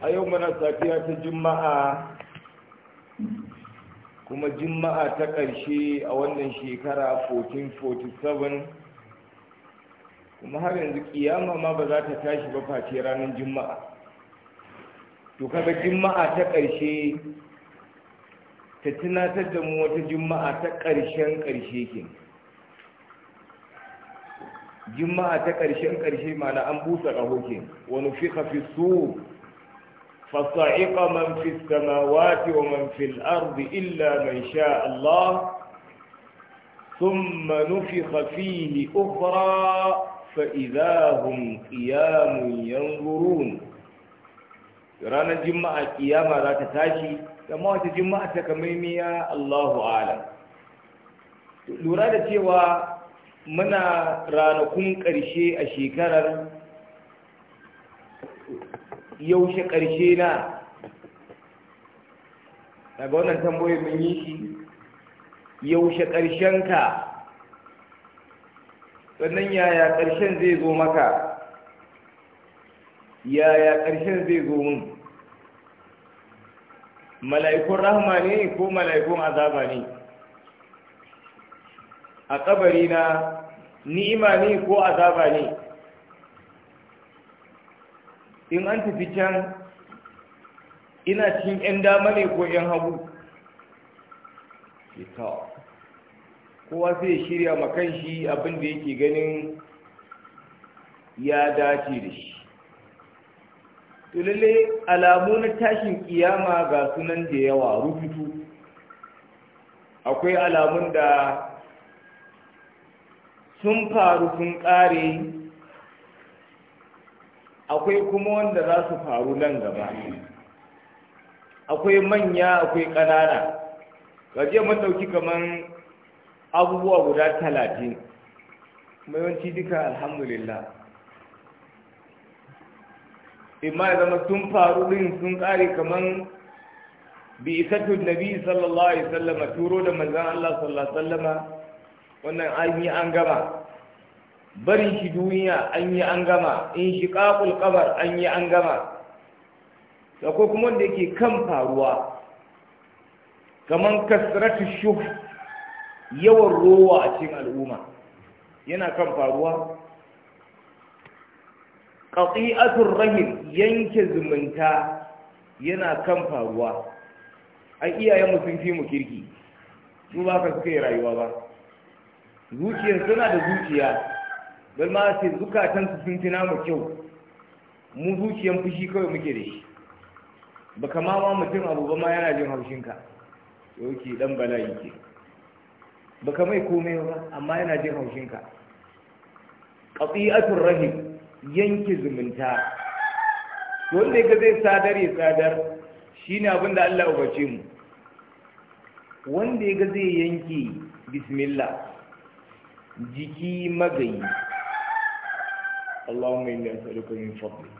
a yau mana safiya ta juma'a kuma juma'a ta ƙarshe a wannan shekara 1447 kuma har yanzu kiyama ma ba za ta tashi ba face ranar juma'a to kaga juma'a ta ƙarshe ta tunatar da mu wata juma'a ta ƙarshen ƙarshe ke juma'a ta ƙarshen ƙarshe mana an busa ƙaho ke wani fi su فصعق من في السماوات ومن في الأرض إلا من شاء الله ثم نفخ فيه أخرى فإذا هم قيام ينظرون ranar juma'a kiyama za ta tashi amma wata juma'a ta Allahu alam lura da cewa muna ranakun ƙarshe a shekarar yaushe ƙarshe na daga wannan tambayoyin mun yi shi yaushe ƙarshenka sannan yaya ƙarshen zai zo maka yaya ƙarshen zai zo mun mala'ikun rahama ne ko mala'ikun azaba ne a ƙabari na ni'ima ne ko azaba ne in an tafi can ina cin 'yan dama ne ko 'yan hagu kowa sai shirya makan shi abinda yake ganin ya dace da shi to alamu na tashin kiyama ga sunan da yawa rufutu akwai alamun da sun faru sun kare akwai kuma wanda za su faru nan gaba akwai manya akwai ƙanana gajiya mun ɗauki kamar abubuwa guda talatin mayanci duka alhamdulillah imma ya zama sun faru din sun ƙare kamar bi isa nabi sallallahu alaihi sallama turo da manzan Allah sallallahu alaihi sallama wannan an yi an gama barin shi duniya an yi an gama in shi ƙaƙul ƙabar an yi an gama da ko kuma wanda yake kan faruwa kamar kasratu shuh yawan rowa a cikin al'umma yana kan faruwa ƙaƙi'atun rahim yanke zumunta yana kan faruwa a iyayen sun fi mu kirki su ba ka suka yi rayuwa ba Zuciya suna da zuciya bai ma sai su sun tuna mu kyau mu zuciyan fushi kawai muke da shi ba kama ma mutum abu ba ma yana jin haushin ka. yauki dan bala'i ke ba ka mai komai ba amma yana jin haushin ka ƙasi'atun rahim yanke zumunta wanda ga zai sadar ya sadar shi ne abin da Allah ubace mu wanda ya ga zai yanke bismillah jiki magayi Allahumma inni as'aluka min fadlik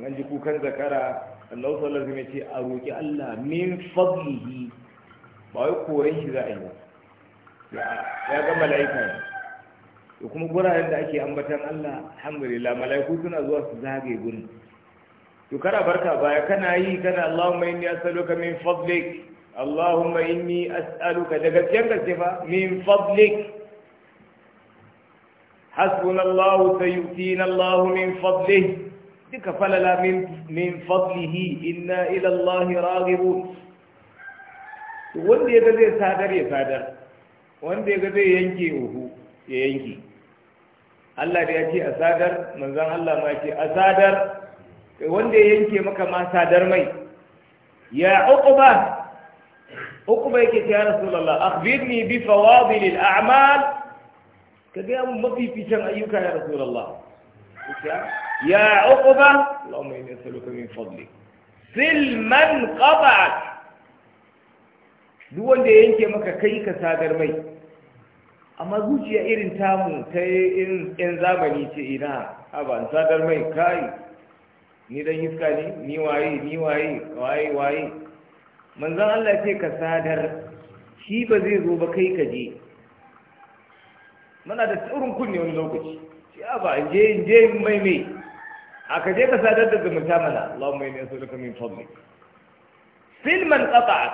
nan ji kukan zakara Allah sallallahu alaihi ce a roki Allah min fadlihi ba wai koren shi za a yi ba ya ga mala'ika ne da kuma guraren da ake ambatan Allah alhamdulillah mala'iku suna zuwa su zage gurin to kana barka baya kana yi kana Allahumma inni as'aluka min fadlik Allahumma inni as'aluka da gaskiyar gaske fa min fadlik hasbuna Allah sayu'tina Allah min fadlihi duka falala min fadlihi inna ila Allah raghibun wanda ya ga zai sadar ya sadar wanda ya ga zai yanke uhu ya yanke Allah da ya ce a sadar manzon Allah ma ce a sadar wanda ya yanke maka ma sadar mai ya uquba uquba yake ya rasulullah akhbirni bi fawadil al a'mal ka gaya mun mafificin ayyuka ya rasulullah ya uquba allahumma inni as'aluka min Fadli. silman qaba'at duk wanda ya yanke maka kai ka sadar mai amma zuciya irin tamu ta yan zamani ce ina Haba, sadar mai kai ni dan iska ne ni waye ni waye waye waye manzon Allah ce ka sadar shi ba zai zo ba kai ka je muna da tsirin kunne wani lokaci shi ah, ba in je je mai mai a ka je ka sadar da zumunta mana Allahumma inni as'aluka min fadlik fil man qata'ak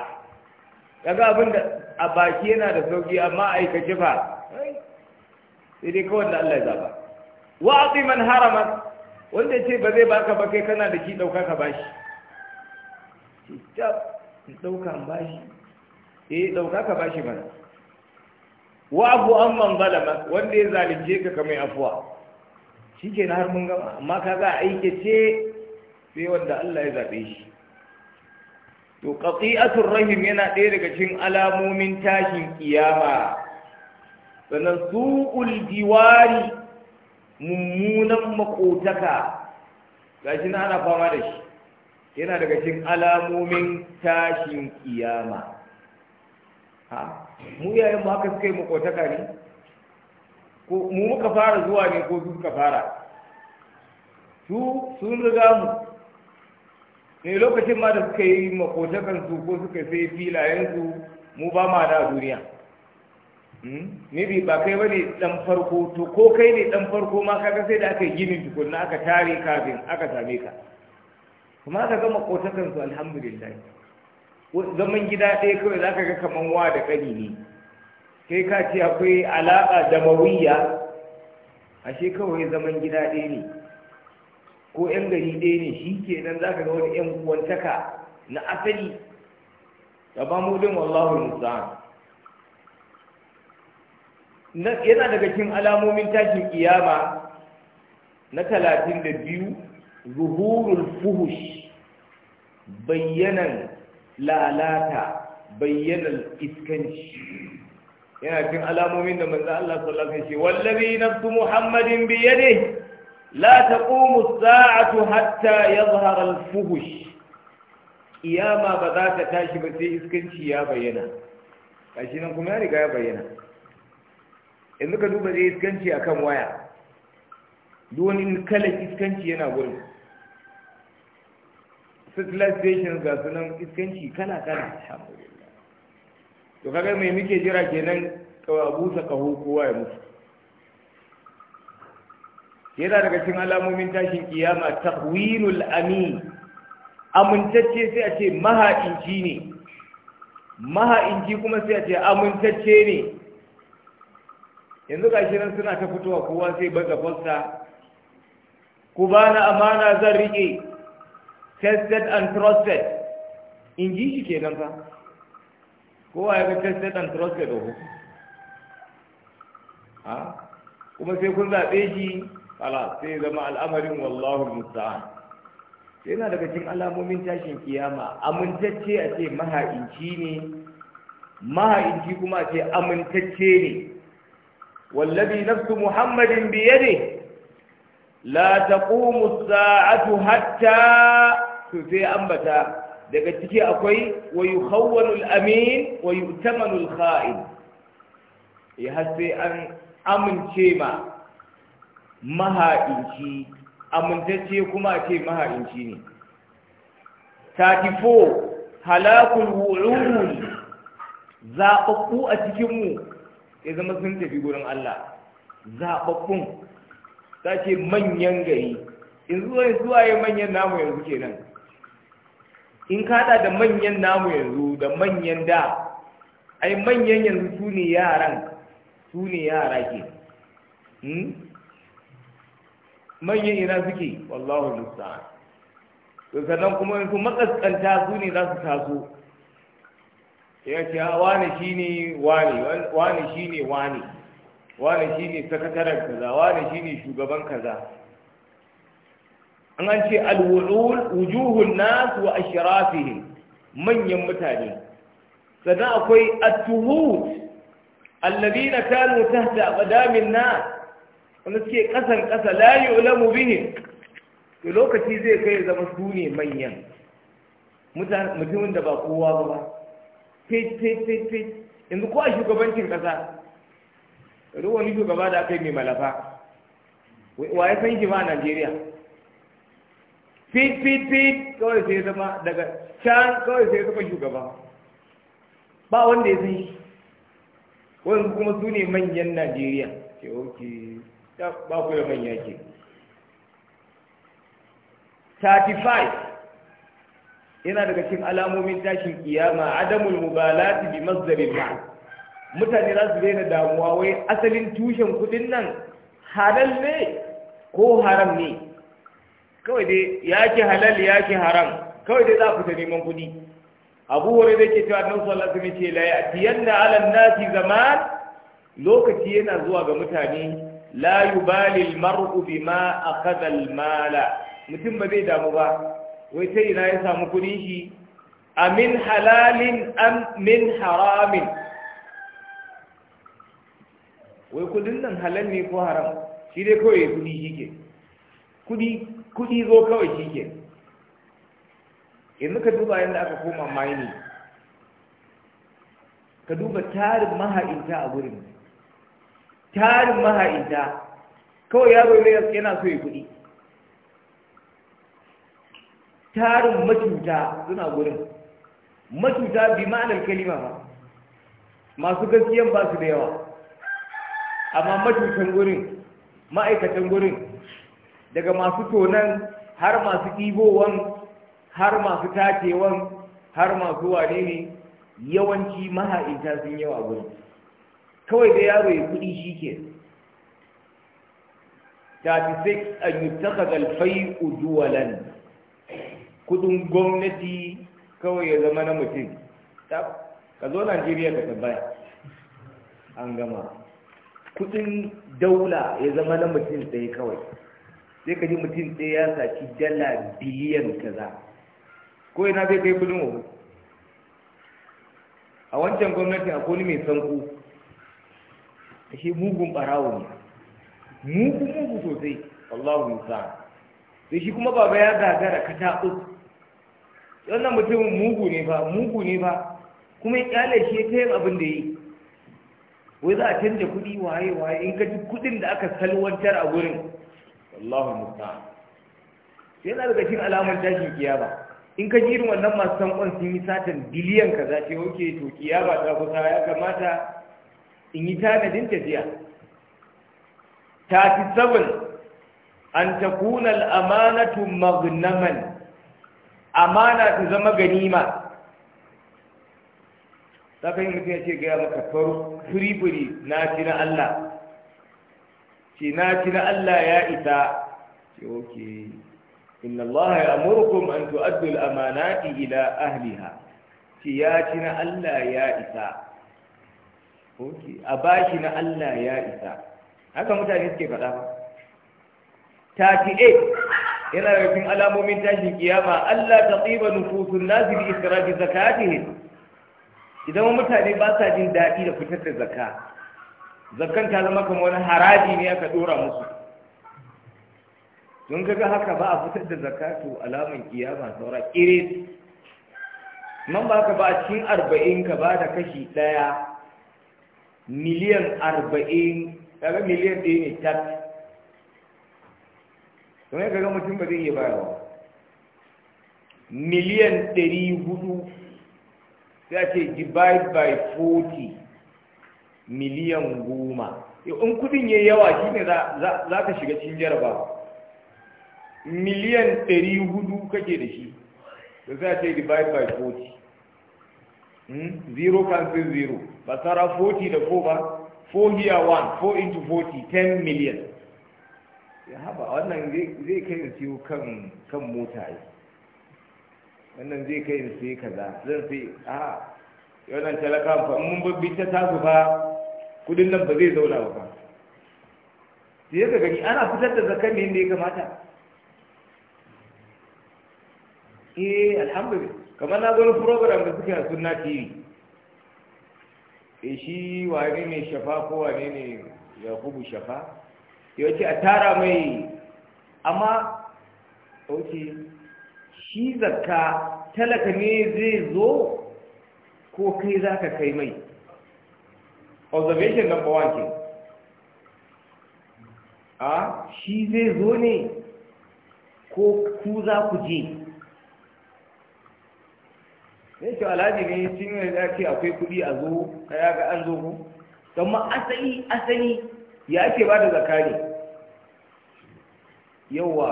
kaga abinda a baki yana da sauki amma aikace fa sai dai kawai da Allah ya zaba wa ati man harama? wanda ce ba zai baka ba kai kana da ki dauka ka bashi ki ta dauka bashi eh dauka ka bashi mana wa abu an man wanda ya zalunce ka kamar afuwa shi ke na har gama amma ka za a ce sai wanda Allah ya zaɓe shi to qati'atul rahim yana ɗaya daga cikin alamomin tashin kiyama sannan su'ul diwari mummunan makotaka shi na ana fama da shi yana daga cikin alamomin tashin kiyama mu yayin mu haka suka yi makotaka ne ko mu muka fara zuwa ne ko duka fara su sun riga mu ne eh, lokacin ma da suka yi makotakan su ko suka sai filayen su mu ba ma da duniya hmm? maybe ba kai bane dan farko to ko kai ne dan farko ma kaga sai da aka yi ginin tukunna aka tare kafin aka same ka kuma aka gama kotakan su alhamdulillah zaman gida ɗaya kawai za ka ga kamar wa da ƙari ne kai ka ce akwai alaƙa da mawuyya ashe kawai zaman gida ɗaya ne ko 'yan gari ɗaya ne shi ke nan za ka ga wani 'yan uwantaka na asali ba mu din wallahu musa yana daga cikin alamomin tashin kiyama na talatin da biyu zuhurul fuhush bayyanan lalata bayyanar iskanci yana cikin alamomin da manzo Allah sallallahu alaihi wasallam wallazi nafsu muhammadin bi yadihi la taqumu as-sa'atu hatta yadhhar zaharar fuhush. Iyama ba za ta tashi ba sai iskanci ya bayyana shi nan kuma ya riga ya bayyana yanzu ka duba zai iskanci akan waya duk wani kalan iskanci yana gurin satellite stations ga sunan iskanci kana kana to kaga mai muke jira kenan ka busa kawo kowa ya mutu yana daga cikin alamomin tashin kiyama takwinul ami amintacce sai a ce Maha-inji ne Maha-inji kuma sai a ce amintacce ne yanzu gashi nan suna ta fitowa kowa sai baga fasta ku na amana zan riƙe tested and trusted in ji shi kenan fa kowa ya ga tested and trusted oho ha kuma sai kun zaɓe shi kala sai zama al'amarin wallahu musta'an sai yana daga cikin alamomin tashin kiyama amintacce a ce maha'inci ne maha'inci kuma a ce amintacce ne wallabi nafsu muhammadin biye ne la taqumu as-sa'atu hatta to sai ambata daga ciki akwai wa yukhawwalul amin wa yu'tamanul kha'in ya eh, hasse an amince ma maha'inci amintacce kuma ce maha'inci ne 34 halakul wu'ul zaɓaɓɓu a cikinmu ya zama sun tafi gurin Allah zaɓaɓɓun ta ce manyan gari in zuwa zuwa yi manyan namu yanzu kenan in ka haɗa da manyan namu yanzu da manyan da ai manyan yanzu su ne yaran su ne yara ke hmm? manyan ina suke wallahu musta'an to sannan kuma in su makaskanta su ne za su taso ya ce Wani shine wane wani shine wane wani shine sakataren kaza wani shine shugaban kaza an an ce alwu'ul wujuhun nas wa ashrafihim manyan mutane sannan akwai atuhut tuhut alladhina kanu tahta aqdamin nas wanda suke kasan kasa la yu'lamu bihim to lokaci zai kai zama su ne manyan mutumin da ba kowa ba fit fit fit fit yanzu ko a shugabancin kasa duk wani shugaba da aka yi mai malafa wa ya san shi ba a Najeriya fit fit fit kawai sai zama daga can kawai sai zama shugaba ba wanda ya san shi wani kuma su ne manyan najeriya ke oke ba ku da manya ke 35 yana daga cikin alamomin tashin kiyama adamul mubalati bi mazdarin ma mutane za su daina damuwa wai asalin tushen kudin nan halal ne ko haram ne kawai dai ya ke halal ya ke haram kawai dai za ku ta neman kuɗi abu wani da ke cewa nan su Allah sun ce la ya'tiyanna 'ala na nasi zaman lokaci yana zuwa ga mutane Layu yubali al-mar'u bima akhadha al-mala mutum ba zai damu ba wai sai ina ya samu kuɗin shi a halalin am min haramin wai kudin nan halal ne ko haram shi dai kawai kudi shi ke kudi kuɗi zo kawai shi ke yanzu ka duba yadda aka koma maini ka duba tarin maha'inta a gurin tarin maha'inta kawai yaro ne yana so ya kuɗi tarin matuta suna gurin matuta bi ma'anar kalima ba masu gaskiyan ba su da yawa amma matutan gurin ma'aikatan gurin daga masu tonan har masu ɗibowan har masu tacewan har masu wane ne yawanci maha'inta sun yawa gurin kawai da yaro ya kudi shi ke 36 a yuttaka galfai uduwalan kudin gwamnati kawai ya zama na mutum ka zo najeriya ka tambaya an gama kudin daula ya zama na mutum tsaye kawai sai ka ji mutum ɗaya ya saci dala biliyan kaza ko ina zai kai kudin wahu a wancan gwamnati a koli mai sanku. a shi mugun ɓarawo ne mugun mugu sosai allahu musa sai shi kuma baba ya gagara ka taɓo wannan mutumin mugu ne ba mugu ne ba kuma ya kyale shi ya tayin abin da ya yi wai za a canja kuɗi waye waye in ka ji kuɗin da aka salwantar a gurin Yana musta'an sai na daga cikin alamar tashin kiyama in ka jirin wannan masu sankon sun yi satan biliyan ka za ce oke to kiyama ta kusa ya kamata in yi tanadin tafiya 37 an takuna al'amanatu magnaman amana ta zama ganima ta yi mutum ya ce gaya maka faru firifiri na na Allah ce na ci na Allah ya isa ce oke inna Allah ya amurkum an tu'addu al-amanati ila ahliha ce ya ci na Allah ya isa oke a bashi na Allah ya isa haka mutane suke faɗa ta ci yana da cikin alamomin tashin kiyama Allah ta tsiba nufusun nasu bi israfi zakatihim idan mutane ba sa jin daɗi da fitar da zakka zakkan ta zama kamar wani haraji ne aka dora musu don kaga haka ba a fitar da zakatu alaman kiyama saura kire man ba ka ba a cikin arba'in ka ba da kashi ɗaya miliyan arba'in kaga miliyan ɗaya ne tak kuma kaga mutum ba zai iya bayarwa miliyan ɗari hudu sai a ce divide by forty miliyan goma in kudin ya yawa shi ne za ka shiga cin jarabawa miliyan ɗari hudu kake da shi da za ta yi divide by 40 hmm? zero cancel zero ba tsara 40 da 4 ba 4 here 1 4 into 40 10 million ya haba wannan zai kai da siyo kan mota yi wannan zai kai da siyo kaza zan sai a wannan talaka fa mun babbi ta tasu ba kudin nan ba zai zauna ba sai ya gani ana fitar da zakar ne da ya kamata eh alhamdulillah kamar na zo program da suke a sunna tv eh shi wane ne shafa ko wane ne yakubu shafa ya ce a tara mai amma ok shi zakka talaka ne zai zo ko kai za ka kai mai observation number one ke a shi zai zo ne ko ku za ku je sai ce alhaji ne sun yi da ce akwai kuɗi a zo ka ya ga an zo ku amma asali asali ya ake ba da zakari yawa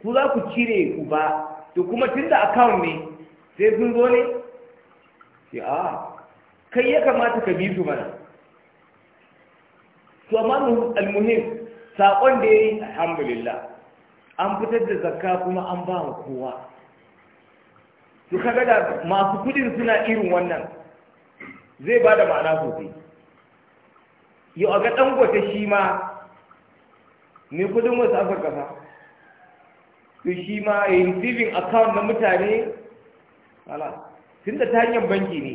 ku za ku cire ku ba to kuma tun da akawun ne sai sun zo ne Ya. a kai ya kamata ka bi su mana to amma al-muhim saƙon da yayi alhamdulillah an fitar da zakka kuma an ba wa kowa to kaga da masu kudin suna irin wannan zai ba da ma'ana sosai yau a ga dangote shi ma mai kudin wasu afirka fa to shi ma ya yi receiving account na mutane tun da ta hanyar banki ne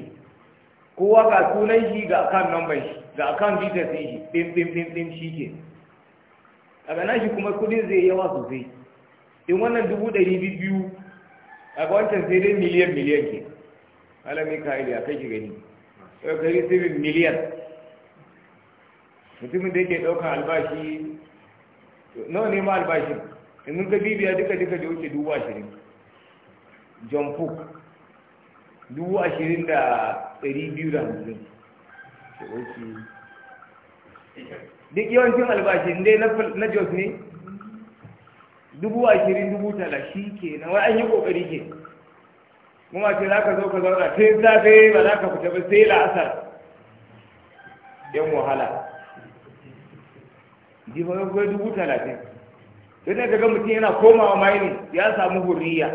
kowa ga sunan shi ga account number shi ga account details ɗin shi ɗin ɗin shi ke a gana shi kuma kudin zai yawa sosai in wannan dubu ɗari biyu a ga wancan sai dai miliyan miliyan ke alamin ka'ili a kai shi gani sai bin miliyan mutumin da yake ɗaukar albashi nawa ne ma albashin in ka bibiya duka duka da wuce dubu ashirin john cook dubu ashirin da ɗari biyu da hamsin duk yawancin albashi dai na jos ne dubu ashirin dubu talashi ke na wai an yi kokari ke kuma ce za ka zo ka zauna sai safe ba za ka fita ba sai la'asar yan wahala ji ba ga dubu talatin sai na ga mutum yana komawa maini ya samu hurriya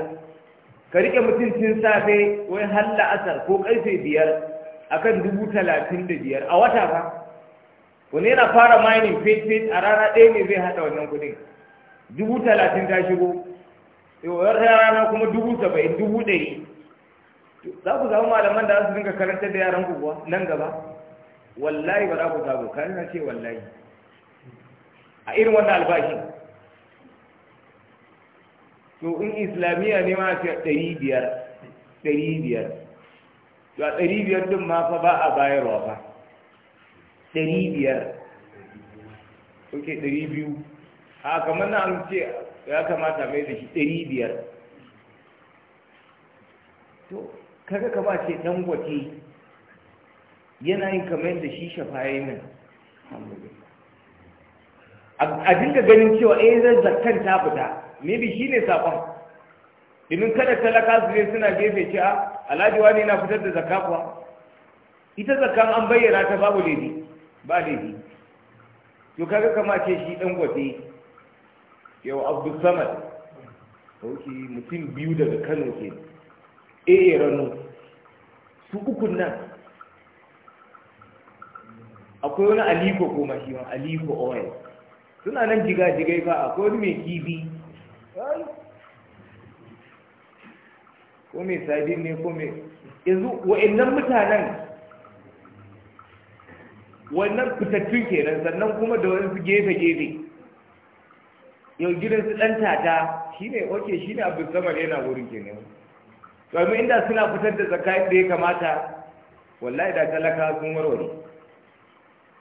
ka rike mutum tun safe wai har la'asar ko sai biyar akan dubu talatin da biyar a wata ba wani yana fara mining fit-fit a rana ɗaya ne zai haɗa wannan kuɗin dubu talatin ta shigo yawar rana kuma dubu saba'in dubu ɗari za ku zama malaman da za su dinga karanta da yaran ku kuwa nan gaba wallahi ba za ku samu kan na ce wallahi a irin wannan albashin to in islamiyya ne ma a ce ɗari biyar ɗari biyar to a ɗari biyar ɗin ma fa ba a bayarwa ba ɗari biyar ok ɗari biyu a kamar na an ce ya kamata mai da shi ɗari biyar to kaga kama ce ɗan gwaki, yana yin kamar da shi shafaye nan a dinga ganin cewa eh zan zakkan ta fita maybe shi ne saƙon domin kada talaka su ne suna gefe ce a alhaji wani na fitar da zakka kuwa ita zakkan an bayyana ta babu laifi ba laifi to kaga kama ce shi dan gwate yau abdul samad sauki mutum biyu daga kano ke ya rano su ukun nan akwai wani aliko ma shi wani aliko oil suna nan jiga-jigai ba akwai wani mai kibi ko mai sadin ne ko mai yanzu wa'annan mutanen wannan fitattun kenan sannan kuma da wani gefe-gefe yau gidan su dan tata shi ne oke shi ne abin ne yana wurin kenan domin inda suna fitar da tsakanin da ya kamata wallahi da talaka sun warware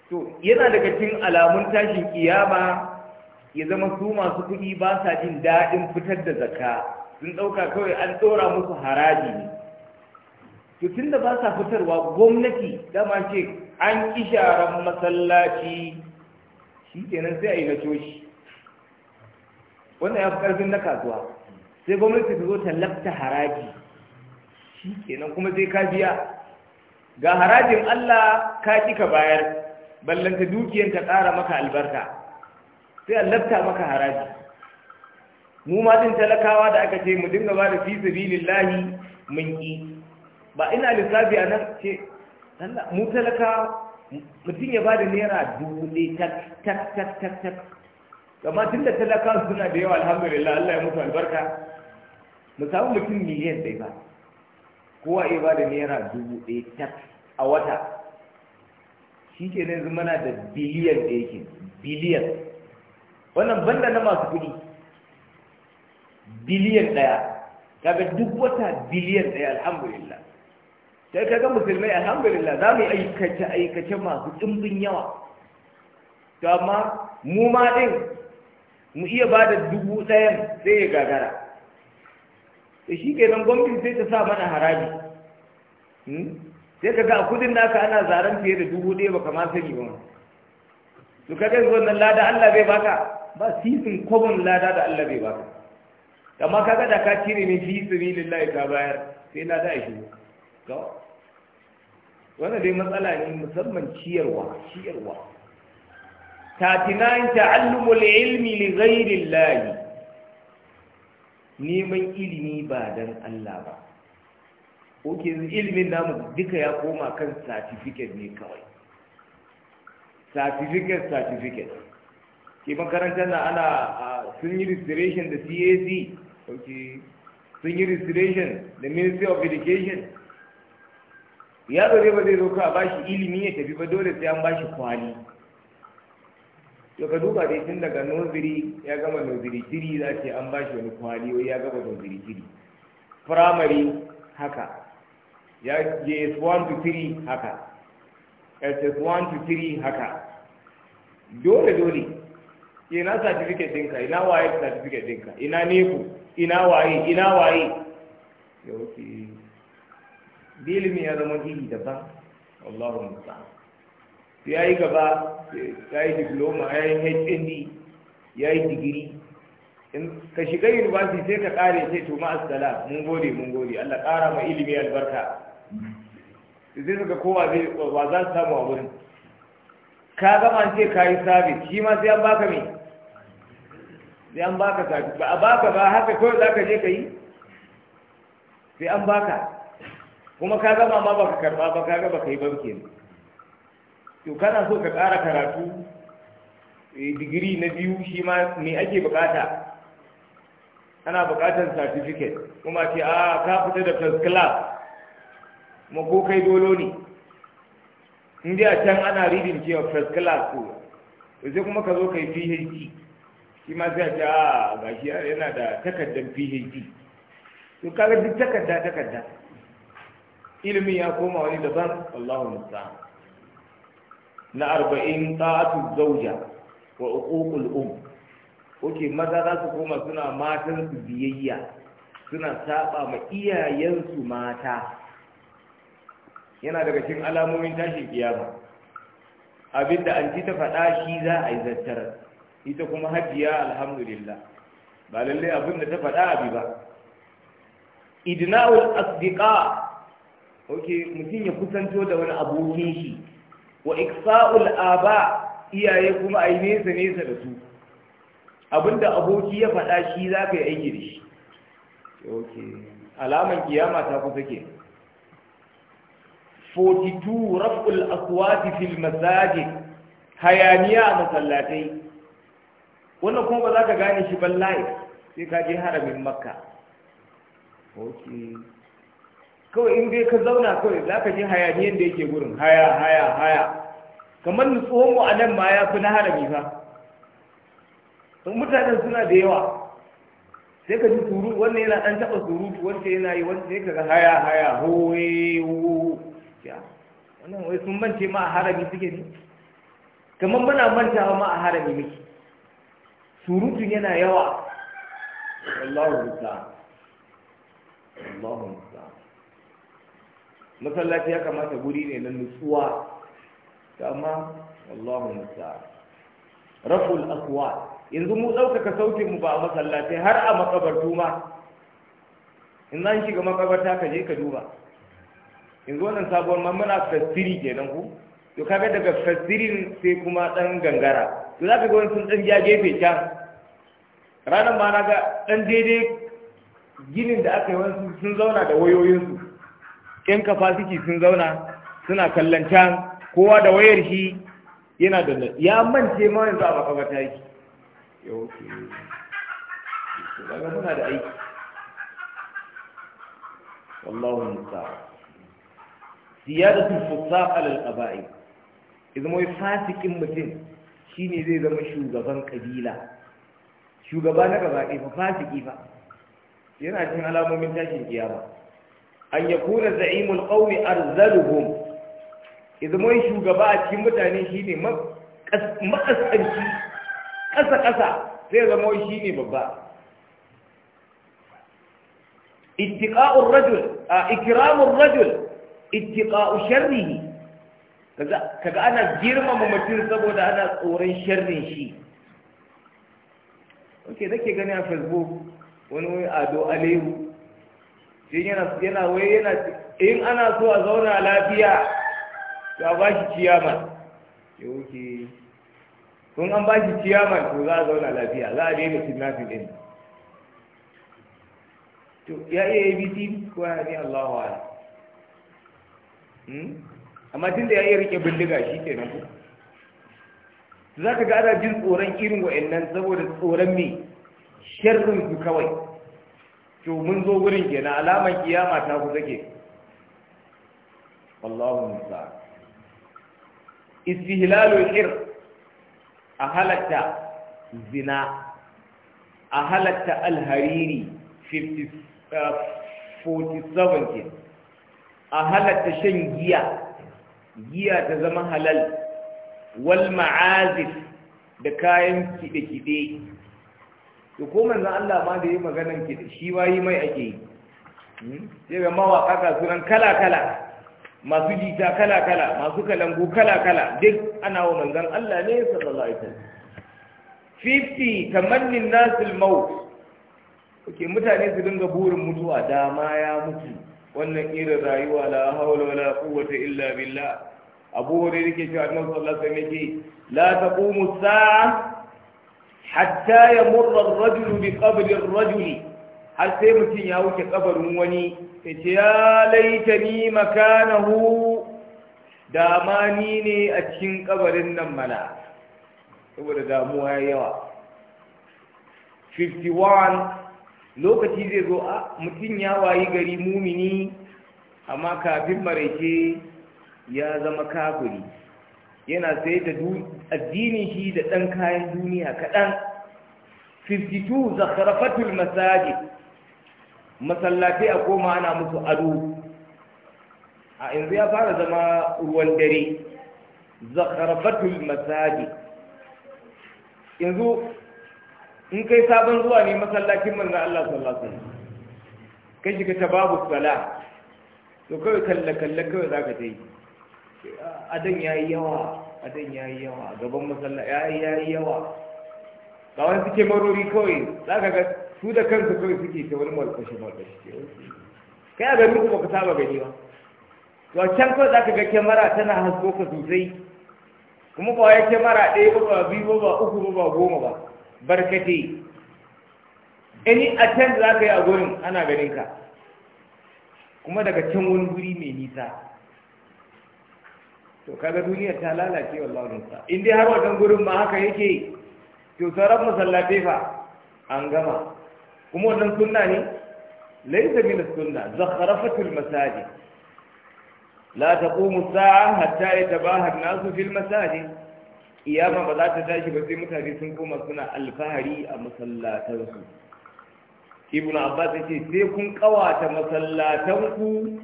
to yana daga cikin alamun tashin kiyama ya zama su masu kuɗi ba sa jin daɗin fitar da zakka sun ɗauka kawai an ɗora musu haraji ne to tunda da ba sa fitarwa gwamnati dama ce an ƙi sharan masallaci shi kenan sai a yi na coci wannan ya fi ƙarfin na kasuwa sai gwamnati ta zo ta lafta haraji shi kenan kuma sai ka biya ga harajin Allah ka ƙi ka bayar ballanta dukiyar ta ƙara maka albarka sai a lafta maka haraji mu ma din talakawa da aka ce mu dinga ba da fi sabilillahi mun yi ba ina lissafi a nan ce Allah mu talakawa mutum ya ba da naira dubu ɗaya tak tak tak tak tak amma tun da talakawa suna da yawa alhamdulillah Allah ya mutu albarka mu samu mutum miliyan ɗaya ba kowa ya ba da naira dubu ɗaya tak a wata shi ke nan zama na da biliyan ɗaya ke biliyan wannan banda na masu kuɗi biliyan ɗaya kaga duk wata biliyan ɗaya alhamdulillah sai kaga musulmai alhamdulillah za mu yi aikace aikace masu ɗimbin yawa to amma mu ma ɗin mu iya ba da dubu ɗayan sai ya gagara to shi kenan gwamnati sai ta sa mana haraji hmm? sai kaga a kudin naka ana zaren fiye da dubu ɗaya ba ma sani ba to kaga yanzu wannan lada Allah bai baka ba sisin kwabon lada da Allah bai baka amma ka gada ka cire ne fi sabilillahi ka bayar sai na da shi ga wannan dai matsala ne musamman ciyarwa ciyarwa tatinan ta'allumul ilmi li ghairillahi neman ilimi ba dan Allah ba oke ilimin namu duka ya koma kan certificate ne kawai certificate certificate ke makarantar na ana sun yi restoration da cac sun yi restoration da ministry of education Ya zai ba zai zo ka bashi ilimi ya tafi ba dole sai an bashi kwali to ka duba dai tun daga noziri ya gama noziri tiri za ce an bashi wani kwali wai ya gama noziri tiri primary haka ya je 1 to 3 haka ss 1 to 3 haka dole dole ina certificate ɗinka ina waye certificate ɗinka ina nefu ina waye ina waye ya wuce bilimi ya zama gini daban Allahu musta ya yi gaba ya yi diploma ya yi hnd ya yi digiri in ka shiga university sai ka kare sai to ma assala mun gode mun gode Allah kara ma ilimi albarka sai suka kowa zai wa za su samu a wurin ka gama sai ka yi sabis shi ma sai an baka mai sai an baka sabi ba a baka ba haka kawai za ka je ka yi sai an baka kuma ka gama ma baka karba ba ka gaba ka yi banki ne to kana so ka ƙara karatu eh, digiri na biyu shi ma me ake bukata ana bukatar certificate kuma ce a ah, ka fita da first class kuma ko kai dolo ne in dai a can ana reading cewa first class ko sai kuma ka zo ka yi phd shi ma zai a ah, gashi yana da takardar phd to kaga duk takarda takarda ilimin ya koma wani daban Allahu musta'an na arba'in ta'atu zauja wa uququl um oke maza za su koma suna matan su biyayya suna saba ma iyayensu mata yana daga cikin alamomin tashin kiyama abinda an ci ta faɗa shi za a yi zattarar ita kuma hajiya alhamdulillah ba lallai abin da ta faɗa abi ba idna'ul asdiqa oke mutum ya kusanto da wani abokin shi wa iksa'ul aba iyaye kuma a yi nesa nesa da su abinda aboki ya faɗa shi za ka yi aiki da shi alaman kiyama ta kusa ke 42 raf'ul aswati fil masajid hayaniya a masallatai wannan kuma ba za ka gane shi ban layi sai ka je haramin makka ok kawai in dai ka zauna kawai za ka je hayaniyan da yake gurin haya haya haya kamar nutsuwanmu a nan ma ya fi na harami fa sun mutanen suna da yawa sai ka ji turu wannan yana ɗan taɓa surutu wanda yana yi wanda sai ka ga haya haya hoye ho wannan wai sun mance ma a harami suke ne kamar muna mantawa ma a harami muke surutun yana yawa wallahu musta wallahu musta masallaci ya kamata guri ne na nutsuwa amma wallahu musta raful aswat yanzu mu ɗaukaka sautin mu ba a masallatai har a makabartu ma in an shiga makabarta ka je ka duba yanzu wannan sabuwar ma muna fasiri kenan ku to kaga daga fasirin sai kuma ɗan gangara to za ka ga wani sun ɗan ja gefe can ranar ma na ga ɗan daidai ginin da aka yi wani sun zauna da wayoyinsu ƴan suke sun zauna suna kallon can kowa da wayar shi yana da ya mance ma yanzu a makamata yake yau ke muna da aiki wallahu musta'an ziyadatul fusaq alal qaba'i idan wai fasikin mutum shi ne zai zama shugaban kabila shugaba na gaba ɗaya fasiki fa yana cin alamomin tashin kiyama an ya kuna za'imul qaumi arzaluhum idan shugaba a cikin mutane shi ne makasanci ƙasa ƙasa zai zama shi ne babba ittiqa'ur rajul a ikramur rajul ittiqa'u sharrihi kaga ana girmama mutum saboda ana tsoron sharrin shi ok ke gani a facebook wani wani ado alehu shi yana yana wai yana in ana so a zauna lafiya to a ba shi ciyaman ya wuce sun an ba shi ciyaman to za a zauna lafiya za a daina kidnapping din to ya iya yi abc ko ya ne allahu ala hmm? amma tun da ya yi rike bindiga shi ke nan ku. za ka ga jin tsoron irin wa'annan saboda tsoron mai sharrin su kawai to mun zo wurin ke na alamar kiyama ta ku ke wallahu musa Istihlalu ir a halatta zina a halatta alhariri 47 uh, ke a halatta shan giya giya ta zama halal wal ma'azif da kayan kiɗe-kiɗe to ko manzo Allah ma da yi maganan kiɗe shi wayi mai ake yi hmm? sai ga mawaka kasuran kala-kala masu jita kala-kala masu kalangu kala-kala duk ana wa manzon Allah ne sallallahu alaihi wasallam 50 tamannin nasil maut okay mutane su dinga burin mutuwa dama ya mutu wannan irin rayuwa la haula wala quwwata illa billah abu hore yake cewa annabi sallallahu alaihi wasallam yake la taqumu sa'a hatta yamurra ar-rajul bi qabri ar-rajul har sai mutum ya wuce kabarin wani yace ya laitani makanahu da ma ni ne a cikin kabarin nan mana saboda damuwa yayi yawa 51 lokaci zai zo a mutum ya wayi gari mumini amma kafin maraice ya zama kafuri yana sai da addini shi da ɗan kayan duniya kaɗan 52 zakarafatul masaji masallatai a koma ana musu ado a yanzu ya fara zama ruwan dare zakarafatul masaji yanzu in kai sabon zuwa ne masallacin manzan Allah sallallahu alaihi wasallam kai shiga ta babu sala to kawai kalle kalle kawai ka ta yi adan yayi yawa adan yayi yawa a gaban masallaci yayi yayi yawa ga wani suke marori kawai ka ga su da kansu kawai suke ta wani malkashi malkashi kai a garin ku ka saba gani ba to can kawai ka ga kyamara tana hasko ka sosai kuma ba ya kyamara ɗaya ba ba biyu ba ba uku ba ba goma ba barkate any attempt za ka yi a gurin ana ganin ka kuma daga can wani guri mai nisa to kaga duniyar ta lalace wa sa in dai har wajen gurin ma haka yake to sauran masallatai fa an gama kuma wannan sunna ne laisa min sunna zakharafatul masajid la taqumu sa'a hatta ta an-nasu fil masajid Iyama ba za ta tashi ba sai mutane sun koma suna alfahari a masallatansu ibnu abbas yace sai kun kawata masallatanku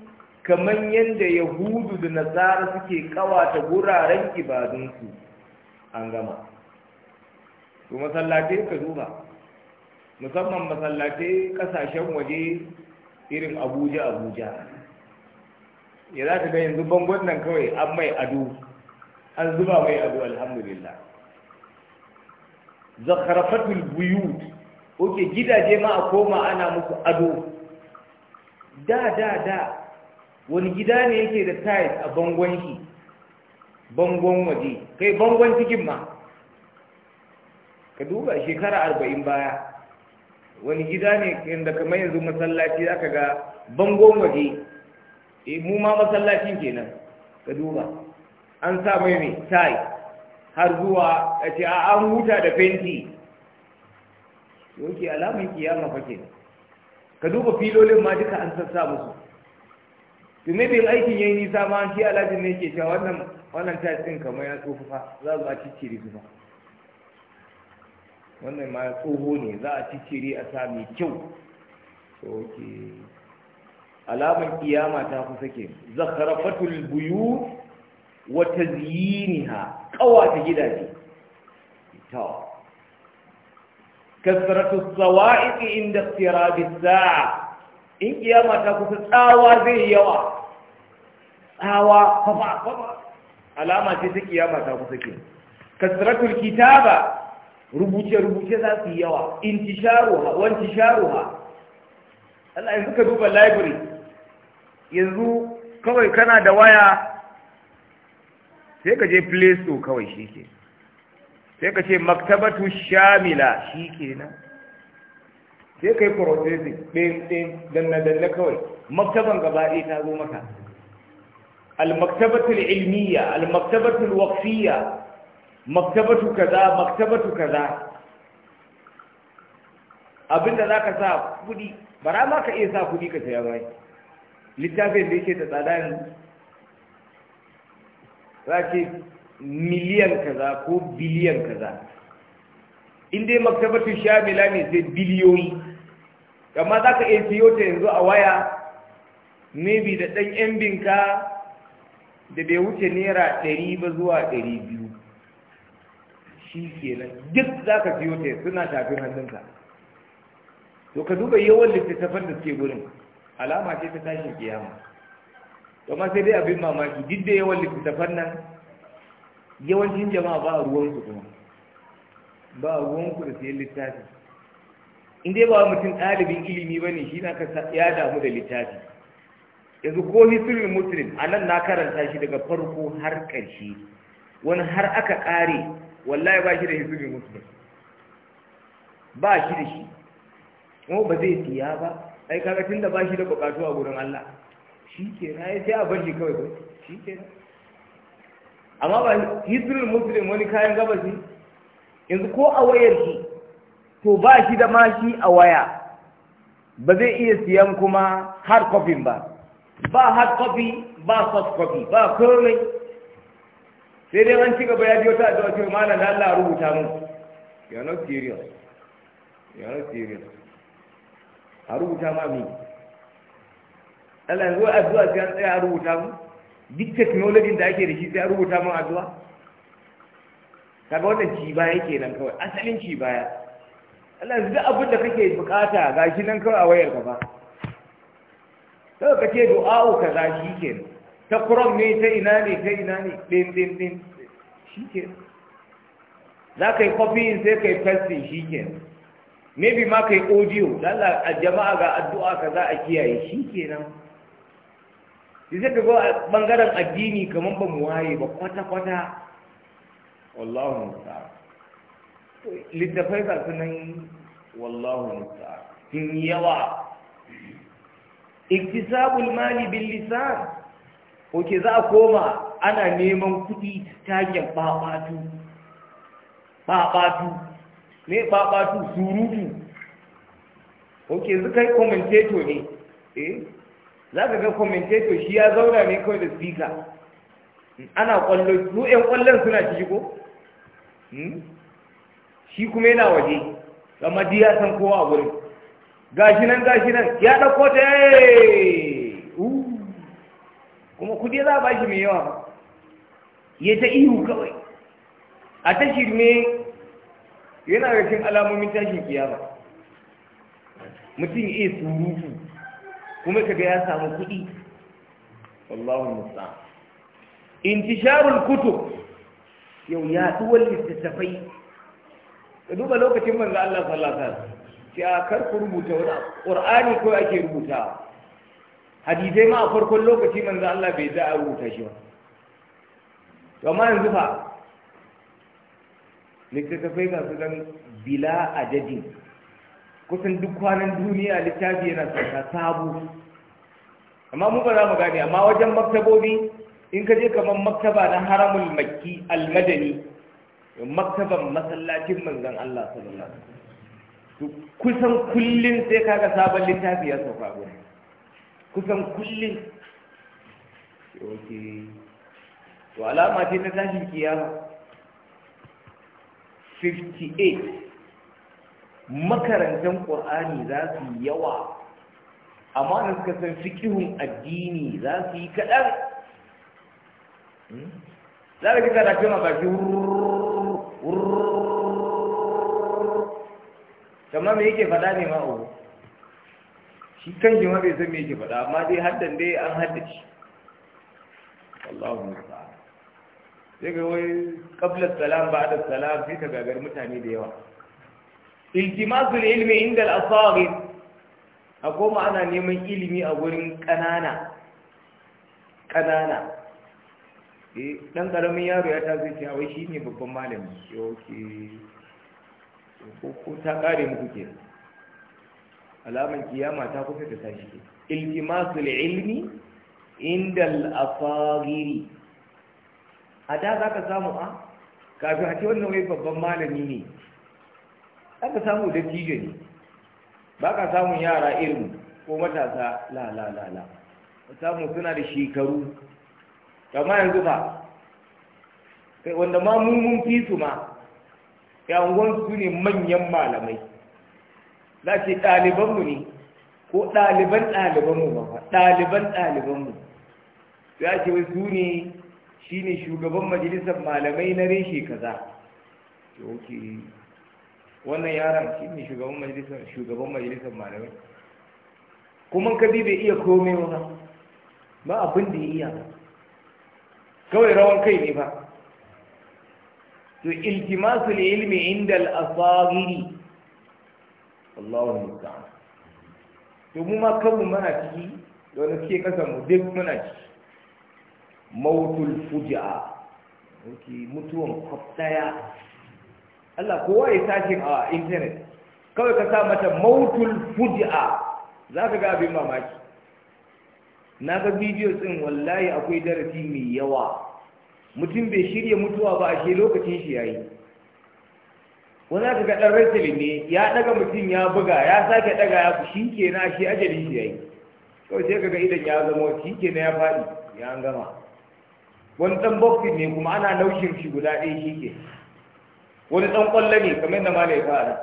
kamar yadda yahudu da nasara suke kawata guraren ibadunsu an gama to masallatai ka duba musamman masallatai kasashen waje irin abuja abuja ya za ka ga yanzu bangon nan kawai an mai ado an zuba mai abu alhamdulillah zakarafatul buyut oke gidaje ma a koma ana muku ado da da da wani gida ne yake da tiles a bangon shi bangon waje kai bangon cikin ma ka duba shekara arba'in baya wani gida ne inda kamar yanzu masallaci aka ga bangon waje Eh mu ma masallacin kenan ka duba an sa mai mai tai har zuwa a ce a an huta da fenti yauki alamun kiyama fa ke ka duba filolin ma duka an sassa musu to me aikin yayi nisa ma shi alajin ne ke cewa wannan wannan tais din kamar ya tsofa za a cicciri su wannan ma ya tsoho ne za a cicciri a sa mai kyau alamun kiyama ta kusa ke zakarafatul buyu Wata ziniha, qawata gidaje to kasratu sawa'iqi inda iqtirabi saa in kiyama ta kusa tsawa zai yawa tsawa fafa fafa alama ce ta kiyama ta kusa ke kasratul kitaba rubuce rubuce za su yawa intisharuha wa intisharuha Allah yanzu ka duba library yanzu kawai kana da waya sai ka je play store kawai shi ke sai ka ce maktabatu shamila shi ke nan sai ka yi processing ɗin ɗin danna-danna kawai maktaban gaba ta zo maka al-maktabatul ilmiya al-maktabatul waqfiyya maktabatu kaza maktabatu kaza abinda za ka sa kudi bara ma ka iya sa kudi ka saya bai littafin da yake da tsada yanzu za ce miliyan kaza ko biliyan kaza inda ya maktabatin shamila ne sai biliyoyi Gama za ka iya siyo ta yanzu a waya maybe da ɗan yan binka da bai wuce naira dari ba zuwa dari biyu shi kenan duk za ka siyo ta suna tafin hannunka to ka duba yawan littattafan da suke gurin alama ce ta tashin kiyama amma sai dai abin mamaki duk yawan littattafan nan yawancin jama'a ba a ruwansu kuma ba a ruwanku da sayan littafi in dai ba mutum ɗalibin ilimi ba ne shi na ka ya damu da littafi yanzu ko hisirin muslim a nan na karanta shi daga farko har ƙarshe wani har aka ƙare wallahi ba shi da hisirin muslim ba shi da shi kuma ba zai siya ba ai kaga tun da ba shi da buƙatu a gurin Allah shi ke na ya sai a bar kawai ba shi ke na amma ba hijirar musulun wani kayan gabasi yanzu ko a wayar shi to ba shi da ma shi a waya ba zai iya siyan kuma hard copy ba ba hard copy ba soft copy ba komai sai dai an ci gaba ya biyo ta addu'a ce mana da Allah rubuta mu you are not serious you are not serious a rubuta ma mi Allah yanzu addu'a sai an tsaya a rubuta mu duk technology da ake da shi sai a rubuta mu addu'a kaga wannan ci baya nan kawai asalin ci baya Allah yanzu duk abin da kake bukata gashi nan kawai a wayar ka ba sai ka ce du'a'u ka gashi kenan ta kuram ne ta ina ne ta ina ne din din din shi ke za ka yi copying sai ka yi pasting shi ke maybe ma ka yi audio lalla a jama'a ga addu'a ka za a kiyaye shi kenan sai ka ga bangaren addini kamar ba mu waye ba kwata-kwata wallahu musa littafai ga sunan wallahu musa sun yi yawa iktisabul mali bil lisan oke za a koma ana neman kuɗi ta hanyar babatu babatu ne babatu surutu oke zuka yi commentator ne eh za ka ga commentator shi ya zauna ne kawai da speaker ana kwallo su ƴan kwallon suna ciki ko hmm? shi kuma yana waje amma di ya san kowa a wurin gashi nan gashi nan ya ɗauko ta kuma kudi za a bashi mai yawa ya ta ihu kawai a ta shirme yana rashin alamomin tashin kiyama mutum iya surutu kuma kaga ya samu kuɗi wallahu musta intisharul kutub yau ya duwar littattafai ka duba lokacin manzo Allah sallallahu alaihi wasallam sai a kar ku rubuta wani qur'ani ko ake rubuta hadisai ma a farkon lokaci manzo Allah bai za rubuta shi ba to amma yanzu fa littattafai ga su gan bila adadin kusan duk kwanan duniya littafi yana sauka sabu amma mu ba za mu gane amma wajen maktabobi in ka je kamar maktaba na haramul makki almadani maktaban masallacin manzon Allah sallallahu alaihi kusan kullun sai kaga sabon littafi ya sauka gurin kusan kullun okay to alama ce ta tashin kiyama 58 Makarantar ƙur'ani za su yi yawa amma da suka san fikihun addini za su yi kaɗan hmm? za ka kita da cewa baki kamar me yake faɗa ne ma'o shi kan bai san me yake faɗa amma dai haddan an haddace Allahu Musa sai ga wai qabla salam ba'da salam sai ka gagar mutane da yawa iltimasu ilmi inda al'asari a goma ana neman ilimi a wurin ƙanana ƙanana eh, ɗan ƙaramin yaro ya tafi ce wai shi ne babban malami yauke ko ta ƙare muku ke alamar kiyama ta kusa ta tashi ke iltimasu ilmi inda al'asari a da za ka samu a kafin a ce wannan wai babban malami ne aka samu da ne ba ka samun yara irin ko matasa la la la la samu suna da shekaru kama yanzu ba kai wanda ma mun fi ma yawon su ne manyan malamai za ce ɗalibanmu ne ko ɗaliban ɗalibanmu ba fa ɗaliban ɗalibanmu Ya ce wai su ne shi ne shugaban majalisar malamai na reshe kaza wannan yaran shi ne shugaban majalisar shugaban majalisar malamai kuma bi bai iya komai ba ba abin da ya iya kawai rawan kai ne ba to iltimasul ilmi inda al-asagiri Allahu musta'an to mu ma kanmu mana ciki da wani suke kasa mu duk muna ciki mautul fuja'a mutuwan kwaf daya Allah kowa ya tashi a intanet kawai ka sa mata mautul fuji'a za ka ga abin mamaki na ga bidiyo ɗin wallahi akwai darasi mai yawa mutum bai shirya mutuwa ba a shi lokacin shi yayi wani ka ga ɗan rasili ne ya ɗaga mutum ya buga ya sake ɗaga ya ku shi ke na shi ajalin shi yayi kawai sai kaga idan ya zama shi ke na ya faɗi ya gama wani ɗan boxing ne kuma ana naushin shi guda ɗaya shi ke wani ɗan ƙwallo ne kamar da mala ya fara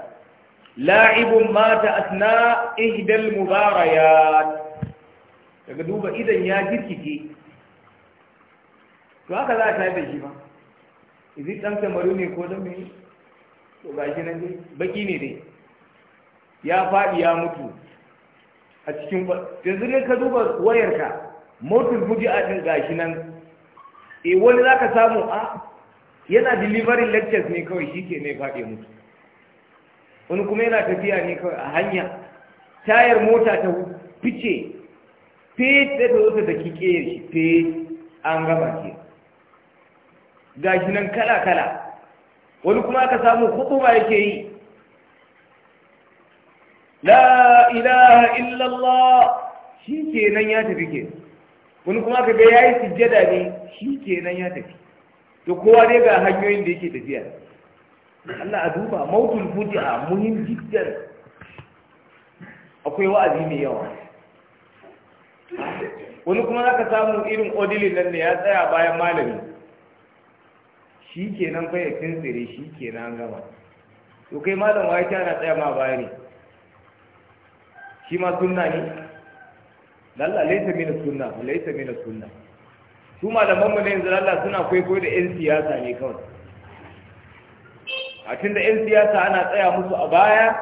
la'ibun mata a suna ihdal mubarayat daga duba idan ya jirkiki to haka za a tayar da shi ba izi ɗan kamaru ne ko don mai to ga shi nan dai baki ne dai ya faɗi ya mutu a cikin yanzu ne ka duba wayarka motar fuji a ɗin gashi nan e wani za ka samu a ah, yana delivering lectures ne kawai shi ke ne faɗi mutu wani kuma yana tafiya ne kawai a hanya tayar mota ta fice fe da ta zo ta daki ƙeyar shi fe an gaba ke shi nan kala-kala wani kuma aka samu ba yake yi la ilaha illallah shi ke nan ya tafi ke wani kuma aka ga ya yi sujjada ne shi ke nan ya tafi to kowa dai ga hanyoyin da yake tafiya Allah a duba mautul fuji'a muhim jiddan akwai wa'azi mai yawa wani kuma zaka samu irin odilin nan ne ya tsaya bayan malami shi kenan fa ya tsere shi kenan gama to kai malam wai ta na tsaya ma baya ne shi ma sunna ne lalla laysa min sunna laysa min sunna su da mu ne yanzu Allah suna kwaikwayo da yan siyasa ne kawai a tun da yan siyasa ana tsaya musu a baya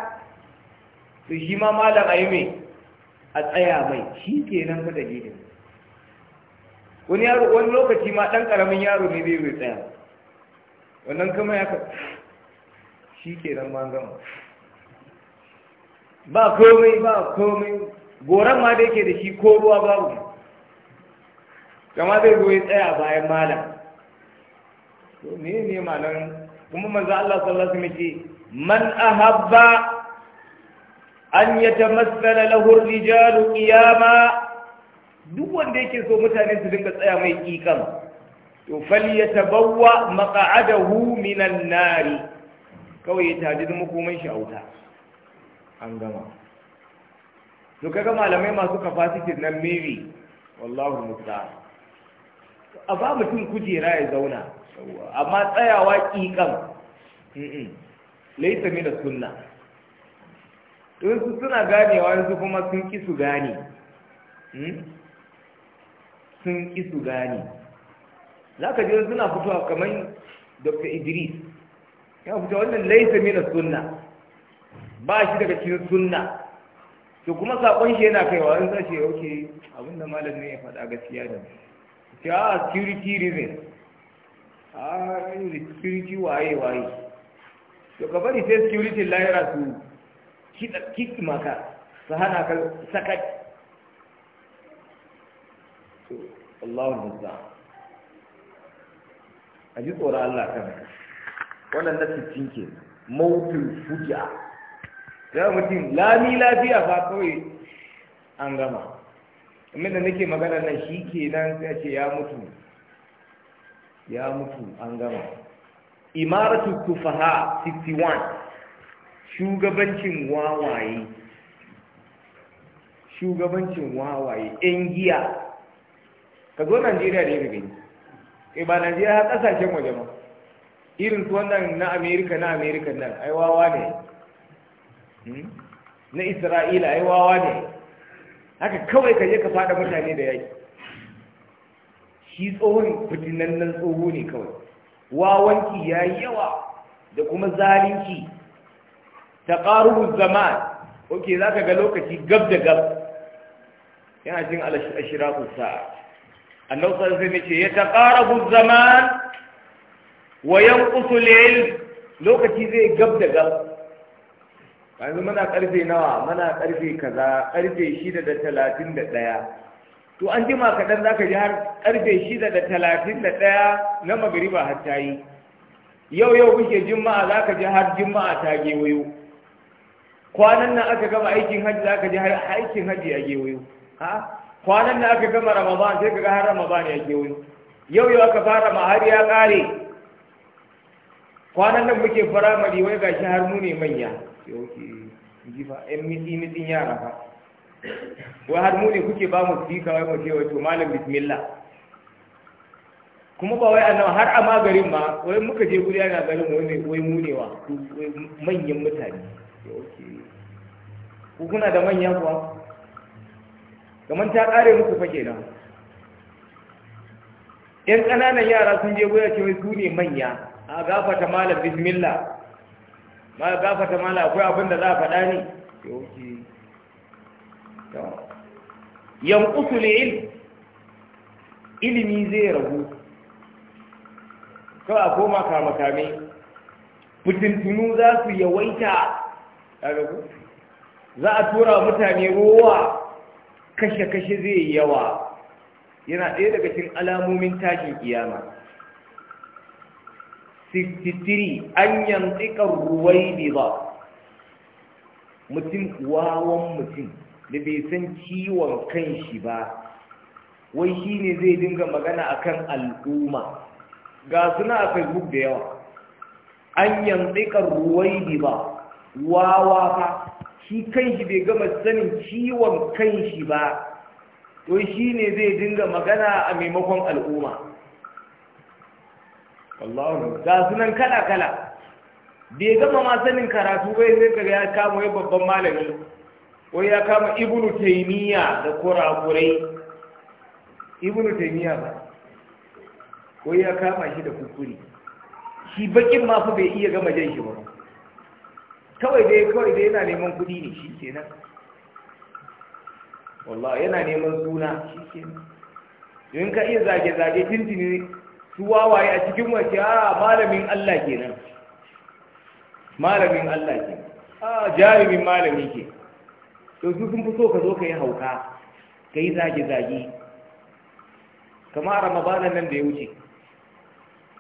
su shi ma malam a yi mai a tsaya mai shi kenan da dalilin wani yaro wani lokaci ma ɗan ƙaramin yaro ne zai tsaya wannan kama ya ka shi ke nan ma gama ba komai ba komai goran ma da yake da shi ko ruwa babu kama zai zo ya tsaya bayan malam to ne ne malam kuma manzo Allah sallallahu alaihi ce man ahabba an yatamassala lahu rijalu qiyama duk wanda yake so mutane su dinga tsaya mai kikan to falyatabawwa maq'adahu minan nari kawai ya tadi makoman shi auta an gama to kaga malamai masu capacity nan maybe wallahu musta'an a ba mutum kujera ya zauna amma tsayawa ƙiƙan Laita mina suna. don su suna ganewa yanzu kuma sun ƙi su gane mm? sun ƙi su gane za ka je suna fitowa kamar dr idris ya fito wannan laisa mina suna ba shi daga cikin sunna to kuma saƙon shi yana kaiwa in ya yauke abinda malam ne ya faɗa gaskiya da mu ce ah, security reason a ah, security waye waye to ka bari sai security lahira su kiɗa maka su hana ka sakat to Allahun musa a ji tsoron Allah kan wannan na cikin ke mautin fujiya ya mutum lami lafiya ba kawai an gama amma da nake magana nan shi ke nan sai ce ya mutu ya mutu an gama imaratu kufaha 61 shugabancin wawaye shugabancin wawaye yan giya ka zo najeriya da yi gani e ba najeriya har kasashen waje ma irin su wannan na amerika na amerika nan ai wawa ne hmm? na isra'ila ai wawa ne haka kawai ka je ka fada mutane da yaki shi tsohon fitinannen tsoho ne kawai wawanki ya yi yawa da kuma zalunci ta ƙaruhun zaman oke za ka ga lokaci gab da gab yana jin alashiraku sa'a annau sarrafa ne ce ya ta ƙaruhun zaman Wayan yankusu lokaci zai gab da gab yanzu muna karfe nawa muna karfe kaza karfe shida da talatin da ɗaya to an jima kaɗan za ka ji har karfe shida da talatin da ɗaya na magariba har ta yi yau yau kuke jima'a za ka ji har jima'a ta gewayo kwanan nan aka gama aikin hajji za ka ji har aikin hajji ya gewayo ha kwanan nan aka gama ramadan sai ka ga har ramadan ya gewayo yau yau aka fara ma har ya ƙare kwanan nan muke firamare wai gashi har mu ne manya ya jifa yan mitsi-mitsin yara fa wai har mu ne kuke ba mu sika wai mu ce to malam bismillah kuma ba wai annaba har a magarin ma wai muka je guri ana garin wai mu wai wa manyan mutane ku kuna da manya kuwa kamar ta kare muku fa kenan yan ƙananan yara sun je goya ce wai su ne manya a gafata malam bismillah ga gafata mala akwai abin da za a faɗa ne yankusu ne ilimi zai ragu kawai a koma kamakame fitintunu za su yawaita za a tura mutane ruwa kashe-kashe zai yawa yana ɗaya daga cin alamomin tashin kiyama 63 an yantikar ruwai ba mutum wawan mutum da bai san ciwon kan shi ba wai shi ne zai dinga magana akan al'umma ga suna a facebook da yawa an yantikar ruwai ba wawa fa shi kan shi bai gama sanin ciwon kan shi ba to shi ne zai dinga magana a maimakon al'umma ga sunan kala kala bai gama ma sanin karatu bai sai kaga ya kama ya babban malami wai ya kama ibnu taymiya da kurakurai ibnu taymiya ba wai ya kama shi da kukuri shi bakin ma fa bai iya gama jan shi ba kawai dai kawai dai yana neman kuɗi ne shi kenan wallahi yana neman suna shi kenan in ka iya zage-zage tintini su wawaye a cikin wace a ah, malamin Allah kenan malamin Allah ke a ah, jarumin malami ke to su sun fi so ka zo ka yi hauka ka yi zage-zage kama ramadanan nan da ya wuce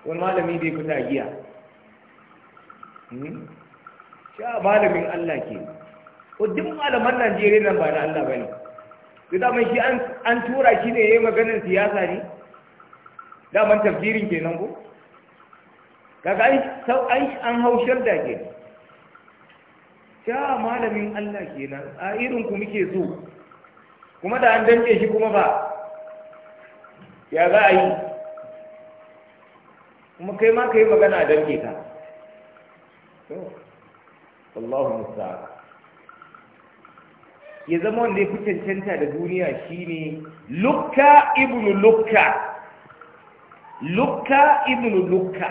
wani malami da ya fita giya hmm? sha ah, malamin Allah ke ko duk malaman Najeriya nan ba na Allah ba ne da damar shi an tura shi ne ya yi maganin siyasa ne daman tafsirin kenan ko kaga ai ai an haushar da ke sha malamin Allah kenan a irin ku muke so kuma da an danke shi kuma ba ya za a yi kuma kai ma kai magana a danke ka to Allahu musta'an ya zama wanda ya fi cancanta da duniya shine lukka ibnu lukka lukka ibn lukka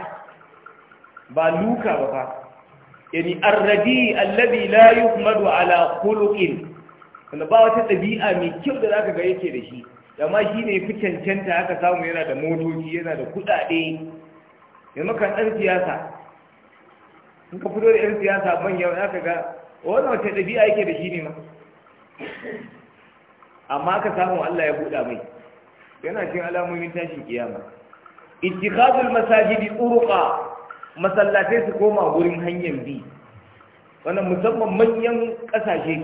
ba luka ba ba yani arradi alladhi la yuhmadu ala khuluqin wanda ba wata ɗabi'a mai kyau da zaka ga yake da shi amma shi ne fi cancanta aka samu yana da motoci yana da kuɗaɗe yanzu kan ɗan siyasa in ka fito da ɗan siyasa yau zaka ga wani wata ɗabi'a yake da shi ne ma amma aka samu Allah ya buɗa mai yana cin alamomin tashin kiyama ittikhadul masajidi uruqa masallatai su koma wurin hanyar bi wannan musamman manyan kasashe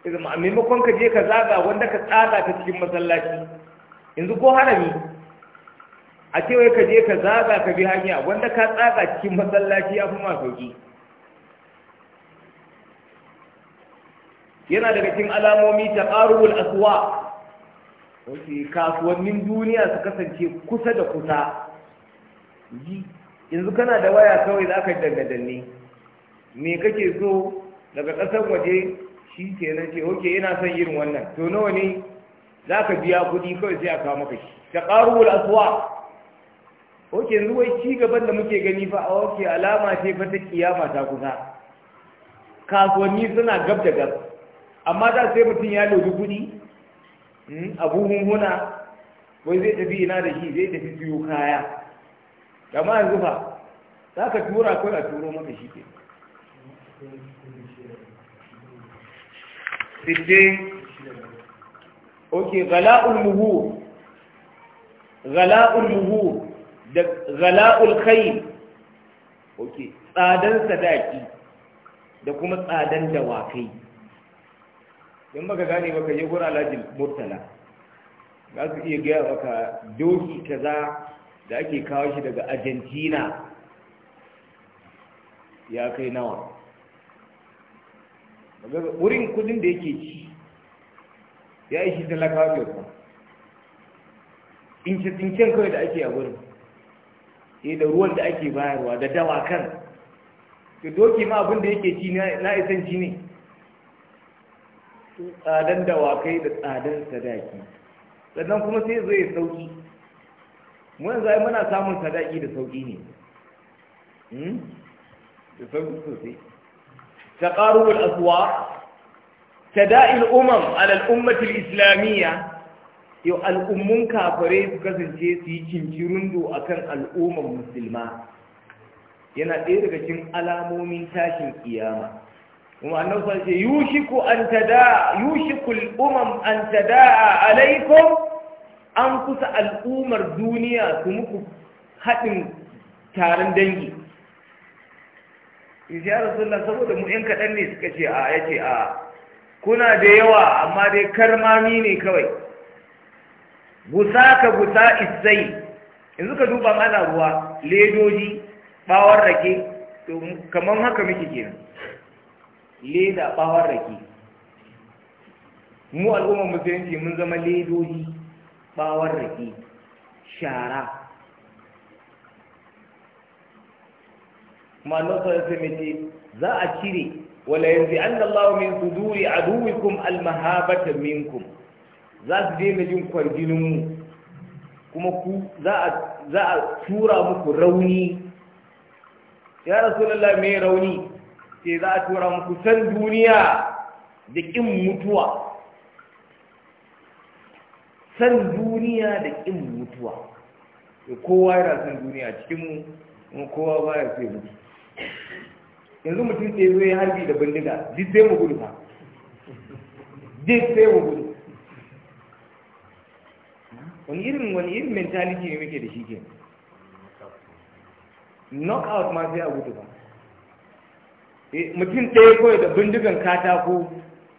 ke a maimakon ka je ka zaga wanda ka tsada ta cikin masallaci yanzu ko harami a cewa ka je ka zaga ka bi hanya wanda ka tsada cikin masallaci ya fi ma yana daga cikin alamomi ta ƙarubul aswa wasu kasuwannin duniya su kasance kusa da kusa yanzu kana da waya kawai za ka dangadanne me kake so daga ƙasar waje shi ke nan ce oke ina son yin wannan to nawa ne za ka biya kuɗi kawai sai a kawo maka shi ta ƙaruwar asuwa oke yanzu wai ci gaban da muke gani fa a oke alama ce fa ta kiyama ta kusa kasuwanni suna gab da gab amma da sai mutum ya lodi kuɗi Hmm? abu hunhuna wai zai tafi ina da shi zai tafi siyo kaya kama yanzu fa za ka tura kai a turo maka shi ke sittin ok gala'ul muhu gala'ul muhu da gala'ul kai ok tsadan sadaki da kuma tsadan dawakai in baka gane baka je gurin alhaji murtala za su iya gaya baka doki kaza da ake kawo shi daga argentina ya kai nawa wurin kudin da yake ci ya yi shi talakawa yau. in ince kawai da ake a wurin e eh, da ruwan da ake bayarwa da dawakan da doki ma abin da yake ci na isanci ne tsadan dawakai da tsadan sadaki sannan kuma sai zai sauki mun zai muna samun sadaki da sauki ne hmm? da sauki sosai Ta تقارب الأسواق Ta الأمم umar الأمة Islamiyya, yau al'ummun kafare su kasance su yi do a kan al'ummar musulma yana ɗaya daga cikin alamomin tashin kiyama kuma annabi sallallahu alaihi yushiku an ta yushiku al an kusa al'ummar duniya su muku haɗin taron dangi ya rasulullah saboda mu’in kaɗan ne suka ce a ya ce a kuna da yawa amma dai karmami ne kawai gusa ka gusa isai yanzu ka duba mana ruwa ledoji bawon rake kamar haka muke kenan leda bawon rake mu al'ummar musulunci mun zama ledoji bawon rake shara ma'anar sarrafa mace za a cire wala yanzu an Allah min suduri aduwikum almahabata minkum za su daina jin kwarjininmu kuma ku za a tura muku rauni ya rasu lalla mai rauni ce za a tura muku san duniya da ƙin mutuwa san duniya da ƙin mutuwa kowa yana san duniya cikinmu kuma kowa ba ya sai mutu yanzu mutum ce zai harbi da bindiga duk sai mu gudu fa duk sai mu gudu wani irin wani irin mentality ne muke da shi ke knockout ma sai a gudu ba Eh, mutum ɗaya kawai da bindigan katako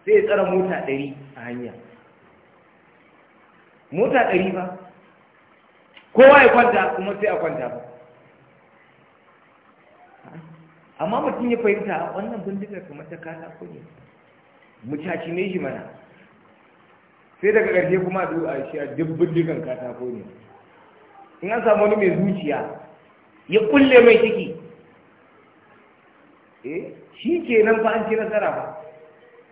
sai tsara mota ɗari a hanya mota ɗari ba kowa ya kwanta kuma sai a kwanta ba amma mutum ya fahimta wannan bindigar kamar ta katako ne mu ne shi mana sai daga ƙarshe kuma a shi a duk bindigan katako ne in an samu wani mai zuciya ya kulle mai ciki eh shi ke nan fa an ci nasara ba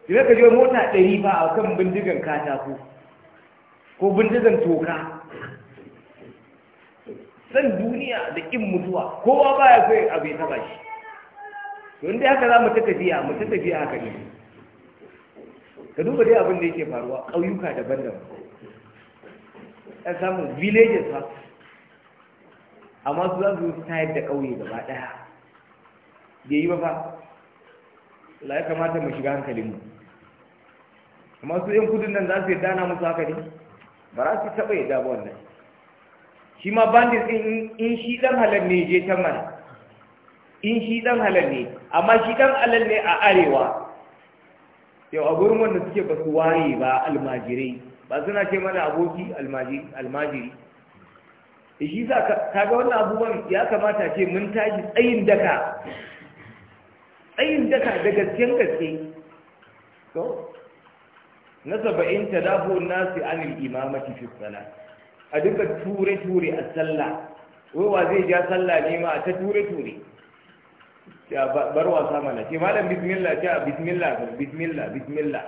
da ka je mota ɗari fa a kan bindigan katako ko bindigan toka san duniya da ƙin mutuwa kowa ba ya kai abu ya taba shi Don dai haka za mu ta tafiya mu ta tafiya haka ne ka duba dai abin da yake faruwa ƙauyuka daban-daban ɗan samun villages ba amma su za su yi tayar da ƙauye gaba ɗaya bai yi ba ba la ya kamata mu shiga hankalinmu amma su yin kudin nan za su yarda na musu haka ne ba za su taɓa yadda ba wannan shi ma bandit ɗin in shi ɗan halal ne je can mana in shi ɗan halal ne amma shi ɗan halal ne a arewa yau a gurin wanda suke ba su waye ba almajirai ba suna ce mana aboki almajiri shi sa kaga wannan abubuwan ya kamata ce mun tashi tsayin daka tsayin daka da gaskiyan gaske to na saba'in ta dafo nasu anil imamati fi sala a duka ture-ture a sallah wai wa zai ja sallah ne ma ta ture-ture ya bar wasa mana ce malam bismillah ce bismillah bismillah bismillah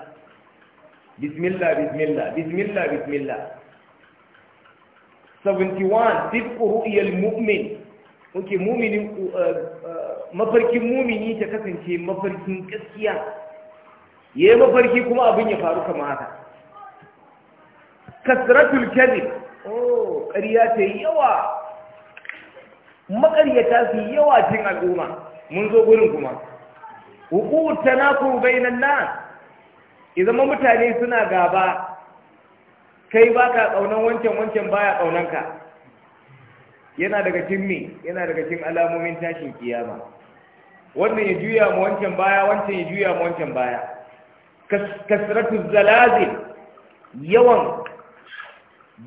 bismillah bismillah bismillah bismillah 71 sifku ru'iyal mu'min oke mu'minin eh, eh, mafarkin mumini ta kasance mafarkin gaskiya ya yi mafarki kuma abin ya faru kama haka kasratul kadhib oh ƙariya ta yi yawa maƙaryata su yi yawa cin al'umma mun zo gurin kuma hukut tanakuru bainan nas idan mutane suna gaba kai baka ƙaunan wancan wancan baya ƙaunanka yana daga cin me yana daga cin alamomin tashin kiyama wannan ya juya mu wancan baya wancan ya juya mu wancan baya kasratu zalazil yawan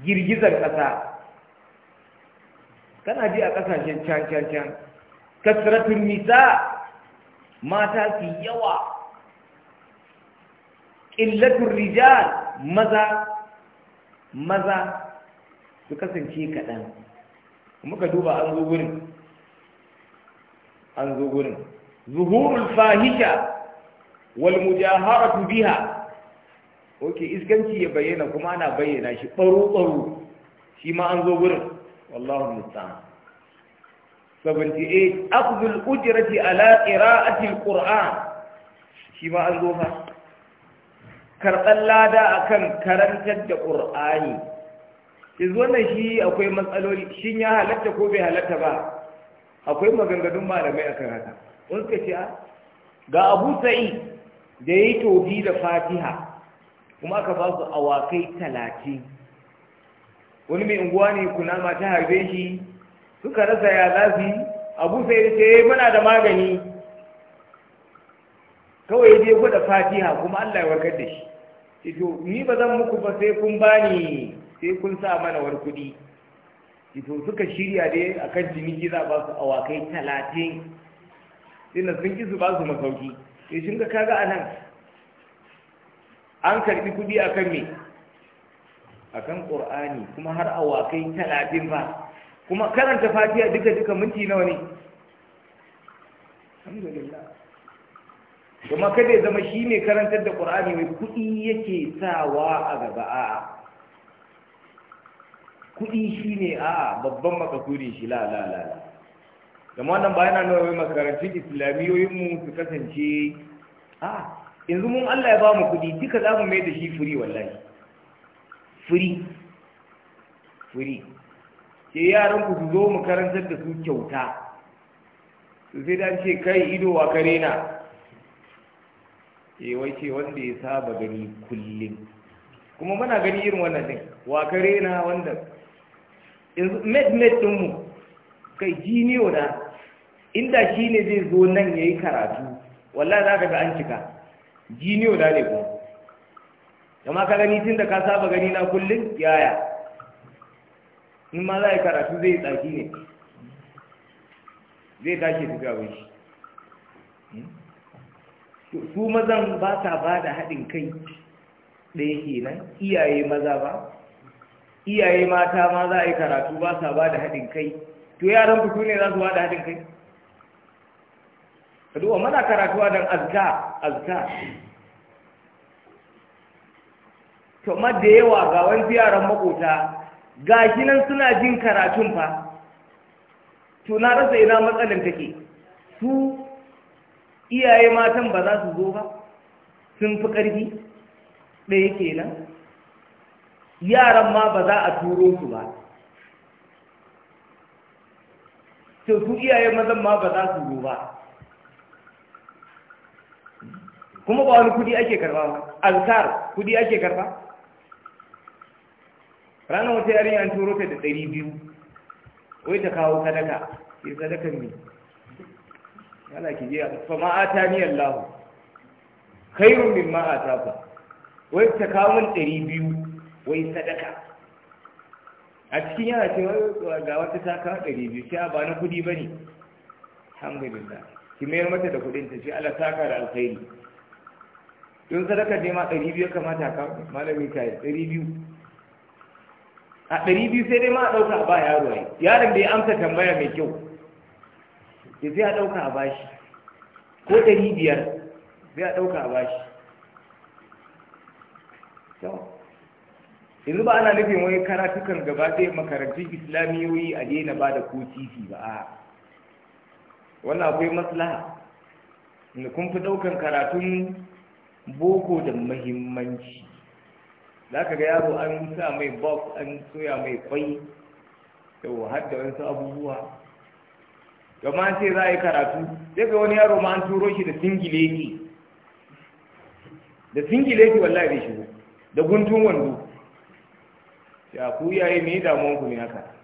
girgizar ƙasa kana ji a ƙasashen can can can kasratu nisa mata su yawa ƙillatun rijal maza maza su kasance kaɗan muka duba an zo gurin an zo gurin zuhurul fahisha wal mujaharatu biha iskanci ya bayyana kuma ana bayyana shi baro baro shi ma an zo gurin wallahu musta'an 78 akhdhul ujrati ala qira'ati alquran shi ma an zo fa karɓar lada akan karantar da ƙur'ani yanzu wannan shi akwai matsaloli shin ya halatta ko bai halatta ba akwai maganganun malamai a haka wani suka ce ga abu sa'i da ya yi tobi da fatiha kuma aka ba su awakai talatin wani mai unguwa ne kunama ta harbe shi suka rasa ya zafi abu sai ya ce eh, muna da magani kawai ku da fatiha kuma allah ya warkar da shi ce to ni ba zan muku ba sai kun bani sai kun sa mana war kuɗi to suka shirya dai akan jimiji za ba su awakai talatin dinnan sun kisu su ba su masauki ya e, shi ga kaga a nan an karɓi kuɗi a kan me a kan ƙor'ani kuma har a wakai talatin ba kuma karanta fatiya duka duka minti nawa ne alhamdulillah kuma kada ya zama shi ne karantar da ƙor'ani mai kuɗi yake sawa a gaba a kuɗi shi ne a'a babban makasudin shi la la la la kuma wannan ba yana nuna makarantun islamiyoyinmu su kasance a yanzu mun Allah ya ba mu kuɗi duka za mu mai da shi firi wallahi firi firi ke yaran ku su zo mu karantar da su kyauta su sai da ce kai ido wa kare na ke eh, wai ce wanda ya saba gani kullum kuma muna gani irin wannan din wa kare na wanda yanzu med med dinmu kai jiniyo na inda shi ne zai zo nan ya yi karatu wallahi za ka ga an cika jiniyo na ne kuma kama ka gani tun da ka saba gani na kullum yaya in ma za a yi karatu zai yi tsaki ne zai tashi su gawo shi hmm? su mazan ba ta ba da haɗin kai ɗaya kenan iyaye maza ba iyaye mata ma za a yi karatu ba sa ba da haɗin kai to yaran ku ne za su ba da haɗin kai ka duba mana karatuwa don azka azka to ma da yawa ga wani yaran makota ga shi nan suna jin karatun fa to na rasa ina matsalan take su iyaye matan ba za su zo ba sun fi ƙarfi ɗaya kenan yaran ma ba za a turo su ba to su iyaye mazan ma ba za su zo ba kuma ba wani kudi ake karba ba alkar kudi ake karba ranar wata yarinya an turo ta da ɗari biyu wai ta kawo sadaka ke sadakar ne yana ki je fa ma'ata ni Allah khairun min ma'ata fa wai ta kawo min ɗari biyu wai sadaka a cikin yana ce ga wata ta kawo ɗari biyu shi a ba na kuɗi ba ne alhamdulillah ki mayar mata da kuɗin ta ce Allah saka da alkhairi don sadaka ce ma ɗari biyu kamata a malami ta yi ɗari biyu a ɗari biyu sai dai ma a ɗauka a ba yaro ai yaron da ya amsa tambaya mai kyau ya sai a ɗauka a bashi ko ɗari biyar sai a ɗauka a bashi yanzu ba ana nufin wani karatukan gaba ɗaya makarantun islamiyoyi a daina ba da ko titi ba a wannan akwai maslaha da kun fi ɗaukan karatun boko da mahimmanci za ka ga yaro an sa mai box an soya mai kwai yau har da wasu abubuwa gama sai za a yi karatu sai ga wani yaro ma an turo shi da singileti da singileti wallahi zai shigo da guntun wando ya ku yaye me damuwan ku ne haka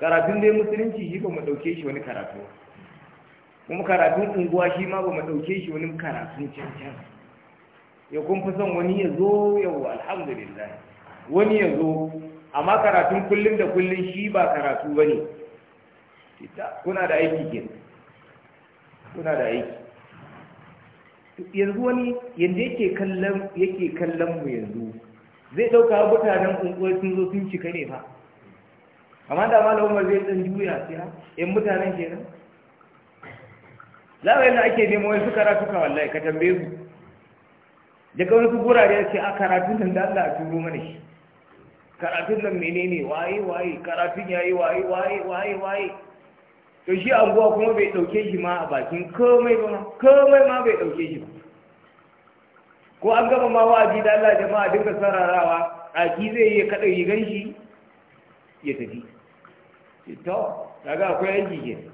karatun dai musulunci shi ba mu dauke shi wani karatu kuma karatun unguwa shi ma ba ɗauke shi wani karatun can-can. ya kun fi son wani ya zo yau alhamdulillah wani ya zo amma karatun kullum da kullum shi ba karatu ba ne kuna da aiki ke kuna da aiki yanzu wani yadda yake kallon yake kallon mu yanzu zai ɗauka mutanen unguwar sun zo sun cika ne fa amma da malamin zai ɗan juya sai yan mutanen kenan za a yadda ake nemo wasu ka wallahi ka tambaye su daga wani su da ya ce a karatun nan da Allah a turo mana shi karatun nan menene waye waye karatun yayi waye waye waye waye to shi anguwa kuma bai dauke shi ma a bakin komai ba komai ma bai dauke shi ba ko an gaba ma wa'azi da Allah jama'a dinga sararawa ɗaki zai yi kaɗa yi ganshi? ya tafi to kaga akwai yanki kenan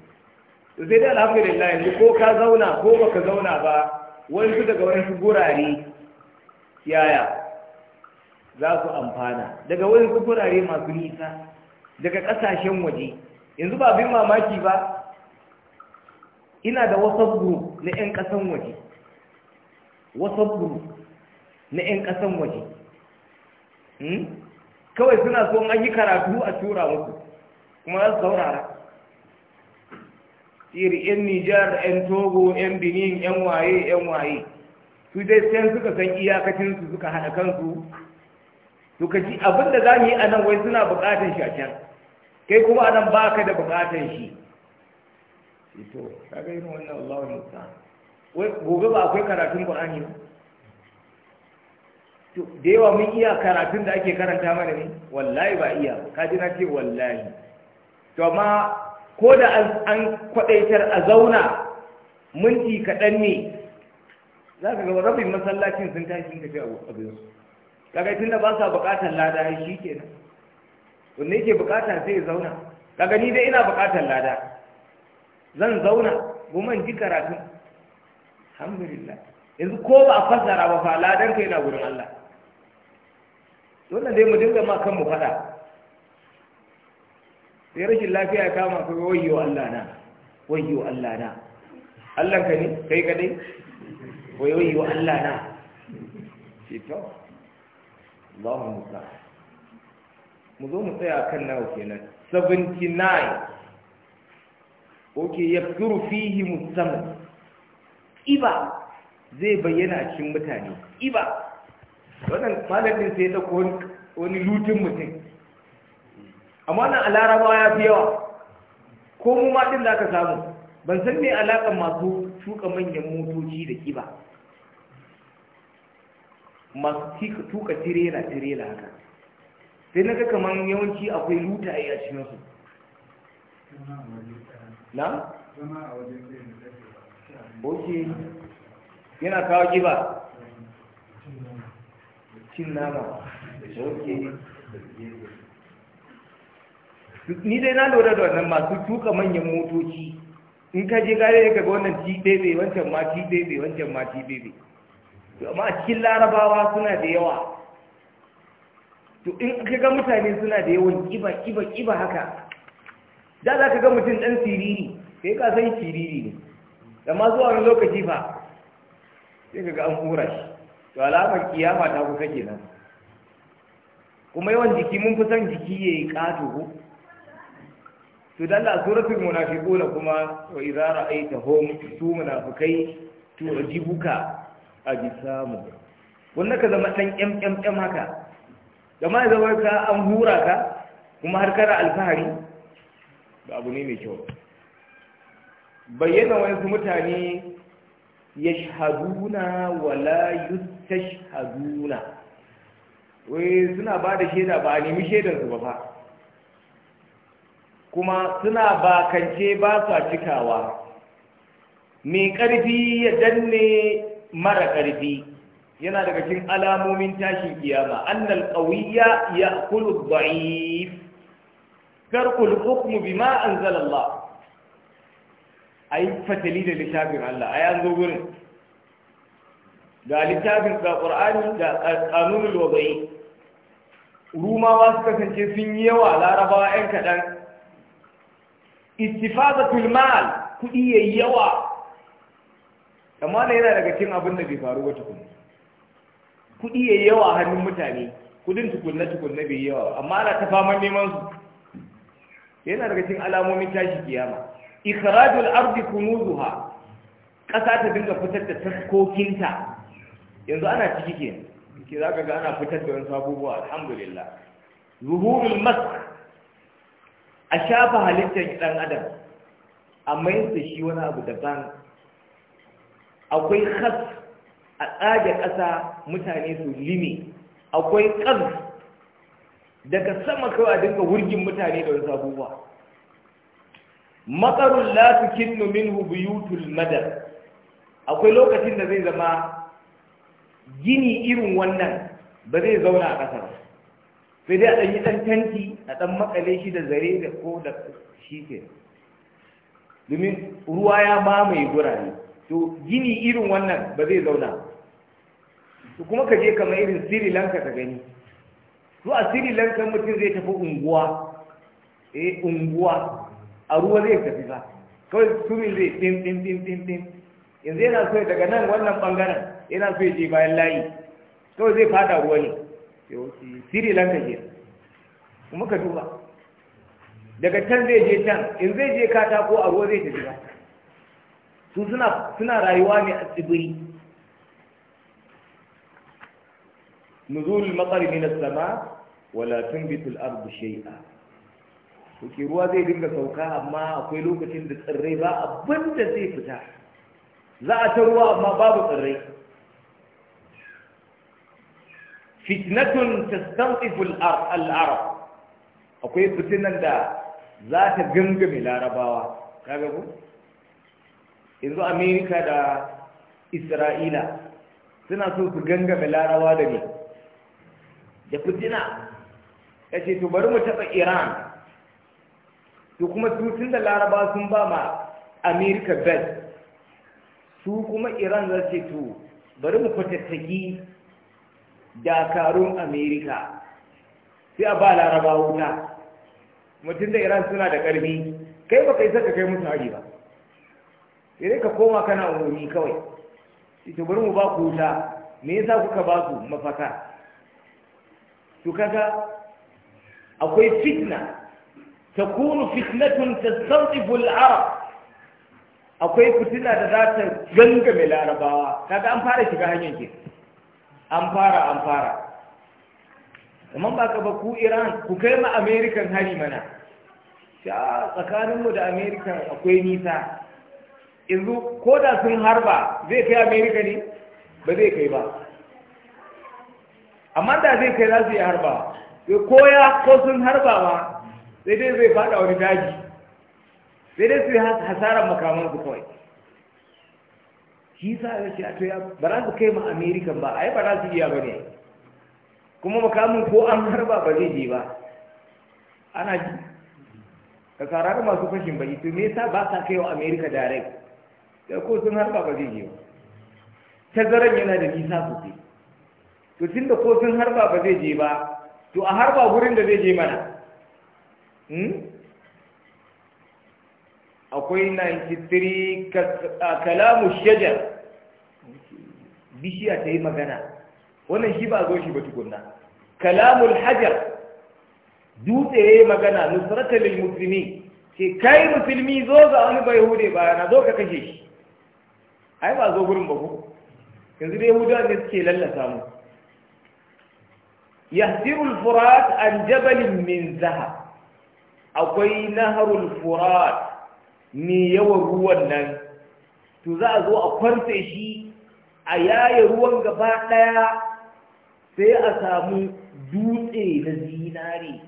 sai dai alhamdulillah yanzu ko ka zauna ko baka zauna ba wani daga wani gurare yaya za su amfana daga wani gurare masu nisa daga kasashen waje yanzu ba bin mamaki ba ina da wasan group na 'yan kasan waje wasan group na 'yan kasan waje hmm? kawai suna so an yi karatu a tura musu kuma za su saurara iri yan nijar yan togo yan benin yan waye yan waye su dai sai suka san iyakacinsu suka haɗa kansu suka ji abin da za mu yi a nan wai suna buƙatar shi a can kai kuma a nan ba ka da bukatan shi ito kaga yin wannan Allah wa musa wai gobe ba akwai karatun Qur'ani ba to da yawa mun iya karatun da ake karanta mana ne wallahi ba iya ka ji na ce wallahi to amma ko da an kwadaitar a zauna minti kaɗan ne za ka gaba rabin masallacin sun tashi sun tafi a abinsu kaga tun da ba sa buƙatar lada shi kenan wanda yake buƙata sai ya zauna kaga ni dai ina buƙatar lada zan zauna kuma in ji karatun alhamdulillah yanzu ko ba a fassara ba fa ladan kai na wurin Allah dole dai mu dinga ma kanmu faɗa sai rashin lafiya kama ka wayyo Allah na wayyo Allah na Allah ka ne kai dai wayyo Allah na shi to Allahu musta mu zo mu tsaya kan nawa kenan 79 oke yakuru fihi musamman iba zai bayyana cikin mutane iba wannan malamin sai ta wani lutin mutum amma wannan a larabawa ya fi yawa ko mu ma din da aka samu ban san me alakan masu tuka manyan motoci da kiba masu tuka tirela tirela haka sai na ga kamar yawanci akwai ruta a cikin su na? ok yana kawo kiba cin nama ok ni dai na lura da wannan masu tuka manyan motoci in ka je gare ka ga wannan ti bebe wancan ma ti bebe wancan ma ti bebe to amma a cikin larabawa suna da yawa to in ka ga mutane suna da yawan kiba kiba kiba haka da za ka ga mutum dan siriri sai ka san siriri ne amma zuwa wani lokaci fa sai ka ga an kura shi to alamar kiyama ta kusa kenan kuma yawan jiki mun fi son jiki yayi kato ko to dalla suratul munafiqun kuma wa idza ra'aytahum su munafikai tu ajibuka ajisamu wannan ka zama dan kyam kyam kyam haka zama ya zama ka an hura ka kuma har kana alfahari ba abu ne mai kyau bayyana wasu mutane yashhaduna wala yustashhaduna wai suna bada da shaida ba a nemi shaidansu ba fa kuma suna bakance ba sa cikawa mai ƙarfi ya danne mara ƙarfi yana daga cikin alamomin tashin kiyama annal qawiyya ya'kulu ad-da'if tarkul hukmu bima anzala Allah ai fatali da littafin Allah ai an zo gurin ga littafin da Qur'ani ga qanunul wada'i rumawa su kasance sun yi yawa larabawa 'yan kaɗan istifadatul mal kuɗi yayi yawa amma ne yana daga cikin abin da bai faru ba tukun kuɗi yayi yawa hannun mutane kudin tukunna tukunna bai yawa amma ana ta faman neman su yana daga cikin alamomin tashi kiyama ikhrajul ardi kunuzuha ƙasa ta dinga fitar da taskokinta yanzu ana ciki kenan ke zaka ga ana fitar da wasu abubuwa alhamdulillah zuhurul masr a shafa halittar ɗan adam a mayarsa shi wani abu daban akwai khas a tsage ƙasa mutane su lime akwai ƙas daga sama kawai a dinka wurgin mutane da wasu abubuwa matsarun lafikin nomin hubiyutul madar akwai lokacin da zai zama gini irin wannan ba zai zauna a ƙasa ba sai dai a ɗan yi ɗan tanti a ɗan makale shi da zare da ko da shi ke domin ruwa ya mamaye gurare to gini irin wannan ba zai zauna to kuma ka je kamar irin sri lanka ka gani to a sri lanka mutum zai tafi unguwa eh unguwa a ruwa zai tafi ba kawai sumin zai tim tim tim tim tim yanzu yana so daga nan wannan bangaren yana so ya je bayan layi kawai zai fada ruwa ne yawon siri lanka ke kuma ka duba daga can zai je can in zai je katako a ruwa zai tafi ba su suna rayuwa ne a tsibiri nuzul matsari ne na sama wala tumbitul ardu shay'a suke ruwa zai dinga sauka amma akwai lokacin da tsirrai ba abin da zai fita za a ta ruwa amma babu tsirrai fitnatun tastanqifu al-arab akwai fitinan da za ta gangame larabawa kaga ku yanzu amerika da isra'ila suna so su gangame larabawa da ne da fitina ya ce to bari mu taɓa iran to kuma tutun da laraba sun ba ma amerika bel su kuma iran za ce to bari mu kwatattaki dakarun amerika sai a ba laraba wuta mutum da iran suna da ƙarfi kai ba kai saka kai musu hari ba Idan ka koma kana umarni kawai ita bari mu ba ku wuta me yasa kuka ba su mafaka to kaga akwai fitna fitnatun ta تستنطف arab akwai fitina da za ta gangame larabawa kaga an fara shiga hanyar ke an fara an fara kamar ba ka ba ku iran ku kai ma american hari mana a ah, tsakaninmu da american akwai nisa yanzu ko da sun harba zai kai america ne ba zai kai ba amma da zai kai za su yi harba ko ya ko sun harba ba sai dai zai fada wani daji sai dai su yi hasarar makamansu kawai shi sa ya ce a to ya ba za su kai ma american ba ai ba za su iya ba ne kuma makamin ko an harba ba zai je ba ana ji ka saurari masu fashin baki to me yasa ba sa kai wa america direct da ko sun harba ba zai je ba tazaran yana da nisa sosai to tun da ko sun harba ba zai je ba to a harba gurin da zai je mana hmm? akwai 93 kalamu shajar bishiya ta yi magana wannan shi ba zo shi ba tukunna kalamul hajar dutse ya yi magana nusrata musulmi ce kai musulmi zo ga wani bai hude ba na zo ka kashe shi ai ba zo gurin ba ku yanzu dai yahudawa ne suke lallasa mu yahdirul furat an jabalin min zaha. akwai naharul furat mai yawan ruwan nan to za a zo a kwarfe shi a yaye ruwan gaba ɗaya sai a samu dutse na zinare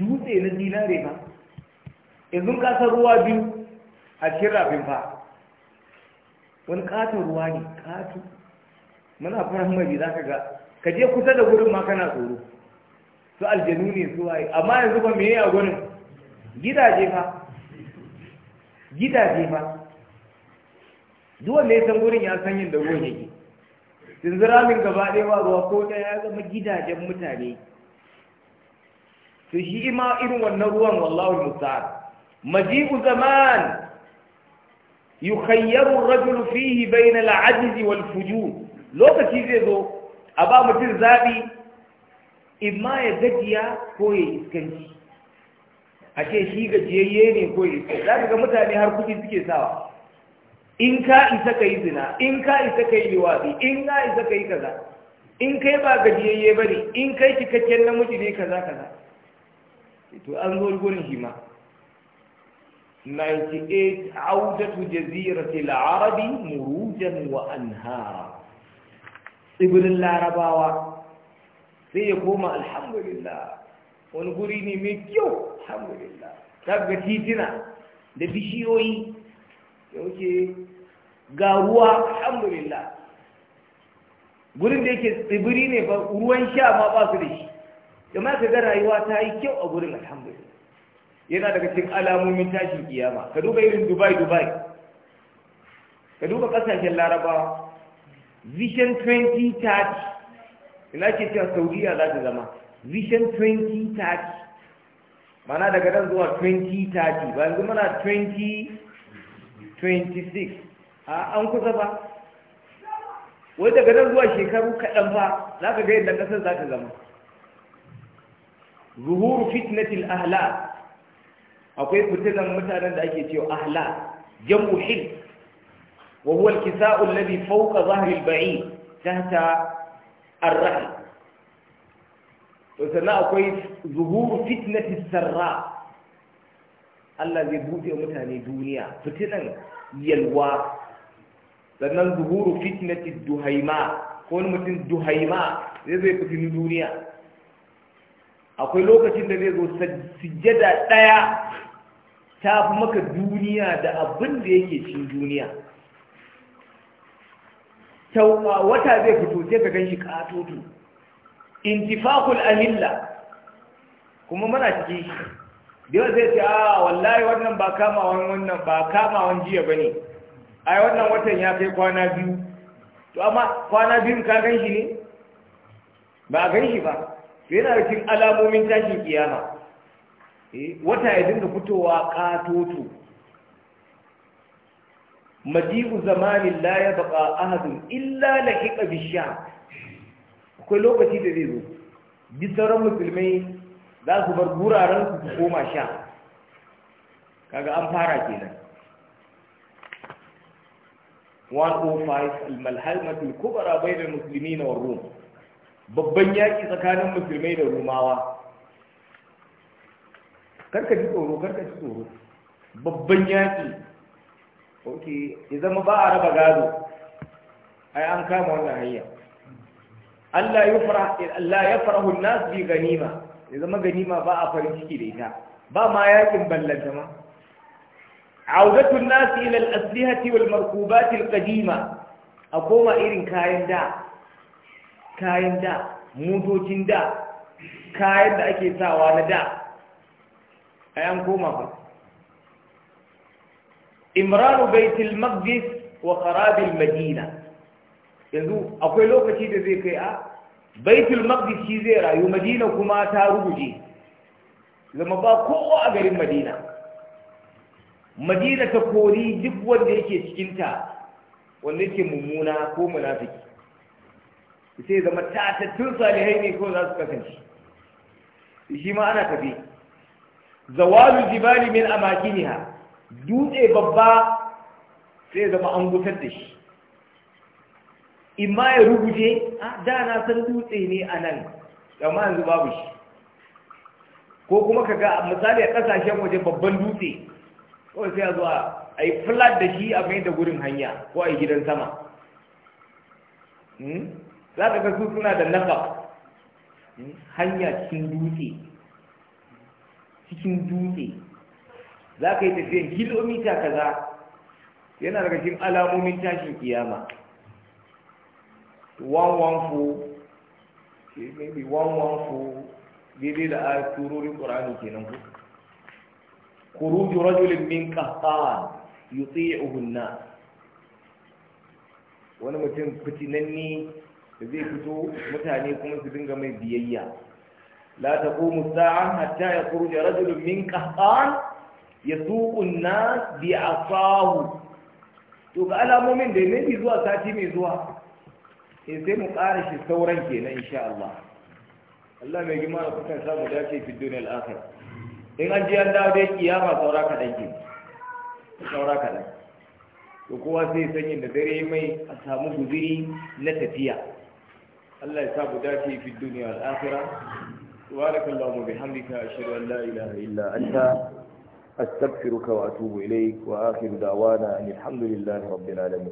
dutse na zinare ba yanzu kasar ruwa biyu a cikin ba fa wani katon ruwa ne katon muna fara mai za ka ga ka je kusa da gurin ma kana tsoro su aljanu ne su waye amma yanzu ba me yi a gurin gidaje fa gidaje fa duk wanda ya san gurin ya san yadda ruwan yake zira min gaba ɗaya ba ruwa ko ɗaya ya zama gidajen mutane Su shi ima irin wannan ruwan wallahu Maji maji'u zaman yukhayyaru ar-rajul fihi bayna al-'ajz wal fuju. lokaci zai zo a ba mutum zabi imma ya gajiya ko ya iskanci a ce shi gajiyayye ne ko iska za ka ga mutane har kuɗi suke sawa in ka isa ka yi zina in ka isa ka yi liwaɗi in ka isa ka yi kaza in kai ba gajiyayye ba ne in kai cikakken namiji ne kaza kaza to an zo gurin shi ma 98 audatu jaziratil arabi murujan wa anhara tsibirin larabawa sai ya koma alhamdulillah wani guri ne mai kyau alhamdulillah ta ga titina da bishiyoyi da wuce ga ruwa alhamdulillah gurin da yake tsibiri ne ba ruwan sha ma ba su da shi jama'a ka ga rayuwa ta yi kyau a gurin alhamdulillah yana daga cikin alamomin tashin kiyama ka duba irin dubai dubai ka duba kasashen larabawa vision 2030 ina ce cewa saudiya za ta zama vision 2030 mana daga nan zuwa 2030 ba yanzu mana 2026 a an kusa ba wai daga nan zuwa shekaru kaɗan ba za ka ga yadda ƙasar za ta zama zuhuru fitnatil ahla akwai fitinan mutanen da ake cewa ahla jam'u hil wa huwa al-kisa'u alladhi fawqa dhahri al-ba'id tahta ar-rahl to sannan akwai zuhur fitnati sarra Allah zai buɗe mutane duniya fitinan yalwa sannan zuhuru fitnati duhaima ko wani mutum duhaima zai zai fitin duniya akwai lokacin da zai zo sujjada ɗaya ta fi maka duniya da abin da yake cin duniya wata zai fito sai ka gan shi intifakul ahilla kuma muna ciki da zai ce a ah, wallahi wannan ba kamawan wannan ba kamawan jiya ba ne ai wannan watan ya kai kwana biyu to amma kwana biyun ka gan shi ne ba a gan shi ba sai yana rikin alamomin tashin kiyama eh, wata ya dinga fitowa katoto madibu zamanin la ya baka ahadun illa lahiqa bishiya. akwai lokaci da zai zo duk sauran musulmai za su bar guraren su koma sha kaga an fara kenan 105 al al kubra al muslimin ar rum babban yaki tsakanin musulmai da rumawa karka ji tsoro karka ji tsoro babban yaki oke ya zama ba a raba gado ai an kama wannan hanya Allah yufrah Allah yafrahu an-nas bi ganima ya zama ganima ba a farin ciki da ita ba ma yakin ballanta ma audatu an-nas ila al-aslihati wal markubat al-qadima a koma irin kayan da kayan da motocin da kayan da ake sawa na da ayan koma ba imranu baitul maqdis wa qarab al-madina yanzu akwai lokaci da zai kai a baitul maqdis shi zai rayu madina kuma ta ruguje zama ba kowa a garin madina madina ta kori duk wanda yake cikinta wanda yake mummuna ko munafiki sai zama ta tatattun salihai ne ko za su kasance shi ma ana tafi zawalu jibali min amakiniha dutse babba sai zama an gutar da shi in ma ya rubuce ah, da na san dutse ne a nan amma yanzu babu shi ko kuma ka kaga misali a kasashen waje babban dutse kawai sai a zuwa a yi flat da shi a mai da gurin hanya ko a yi gidan sama hmm? za ka kasu suna da nafa hmm? hanya cikin dutse cikin dutse za ka yi tafiyan kilomita kaza yana daga cikin alamomin tashin kiyama four okay, maybe four daidai da ayat turorin ƙorani kenan ku kuruju rajulin min qahtan yuti'uhu an na. wani mutum fitinanni da zai fito mutane kuma su dinga mai biyayya la taqumu sa'a hatta yakhruja rajulun min qahtan na an a sahu to ga alamomin da ne zuwa sati mai zuwa eh sai mu ƙara shi sauran kenan insha Allah Allah mai girma da kuka sa mu dace fi duniyar akhir in an ji an dawo dai kiyama saura kaɗan ke saura kaɗan to kowa sai san da dare mai a samu guziri na tafiya Allah ya sa mu dace fi duniyar akhirah سبحانك اللهم وبحمدك أشهد أن لا إله إلا أنت أستغفرك وأتوب إليك وآخر دعوانا أن الحمد لله رب العالمين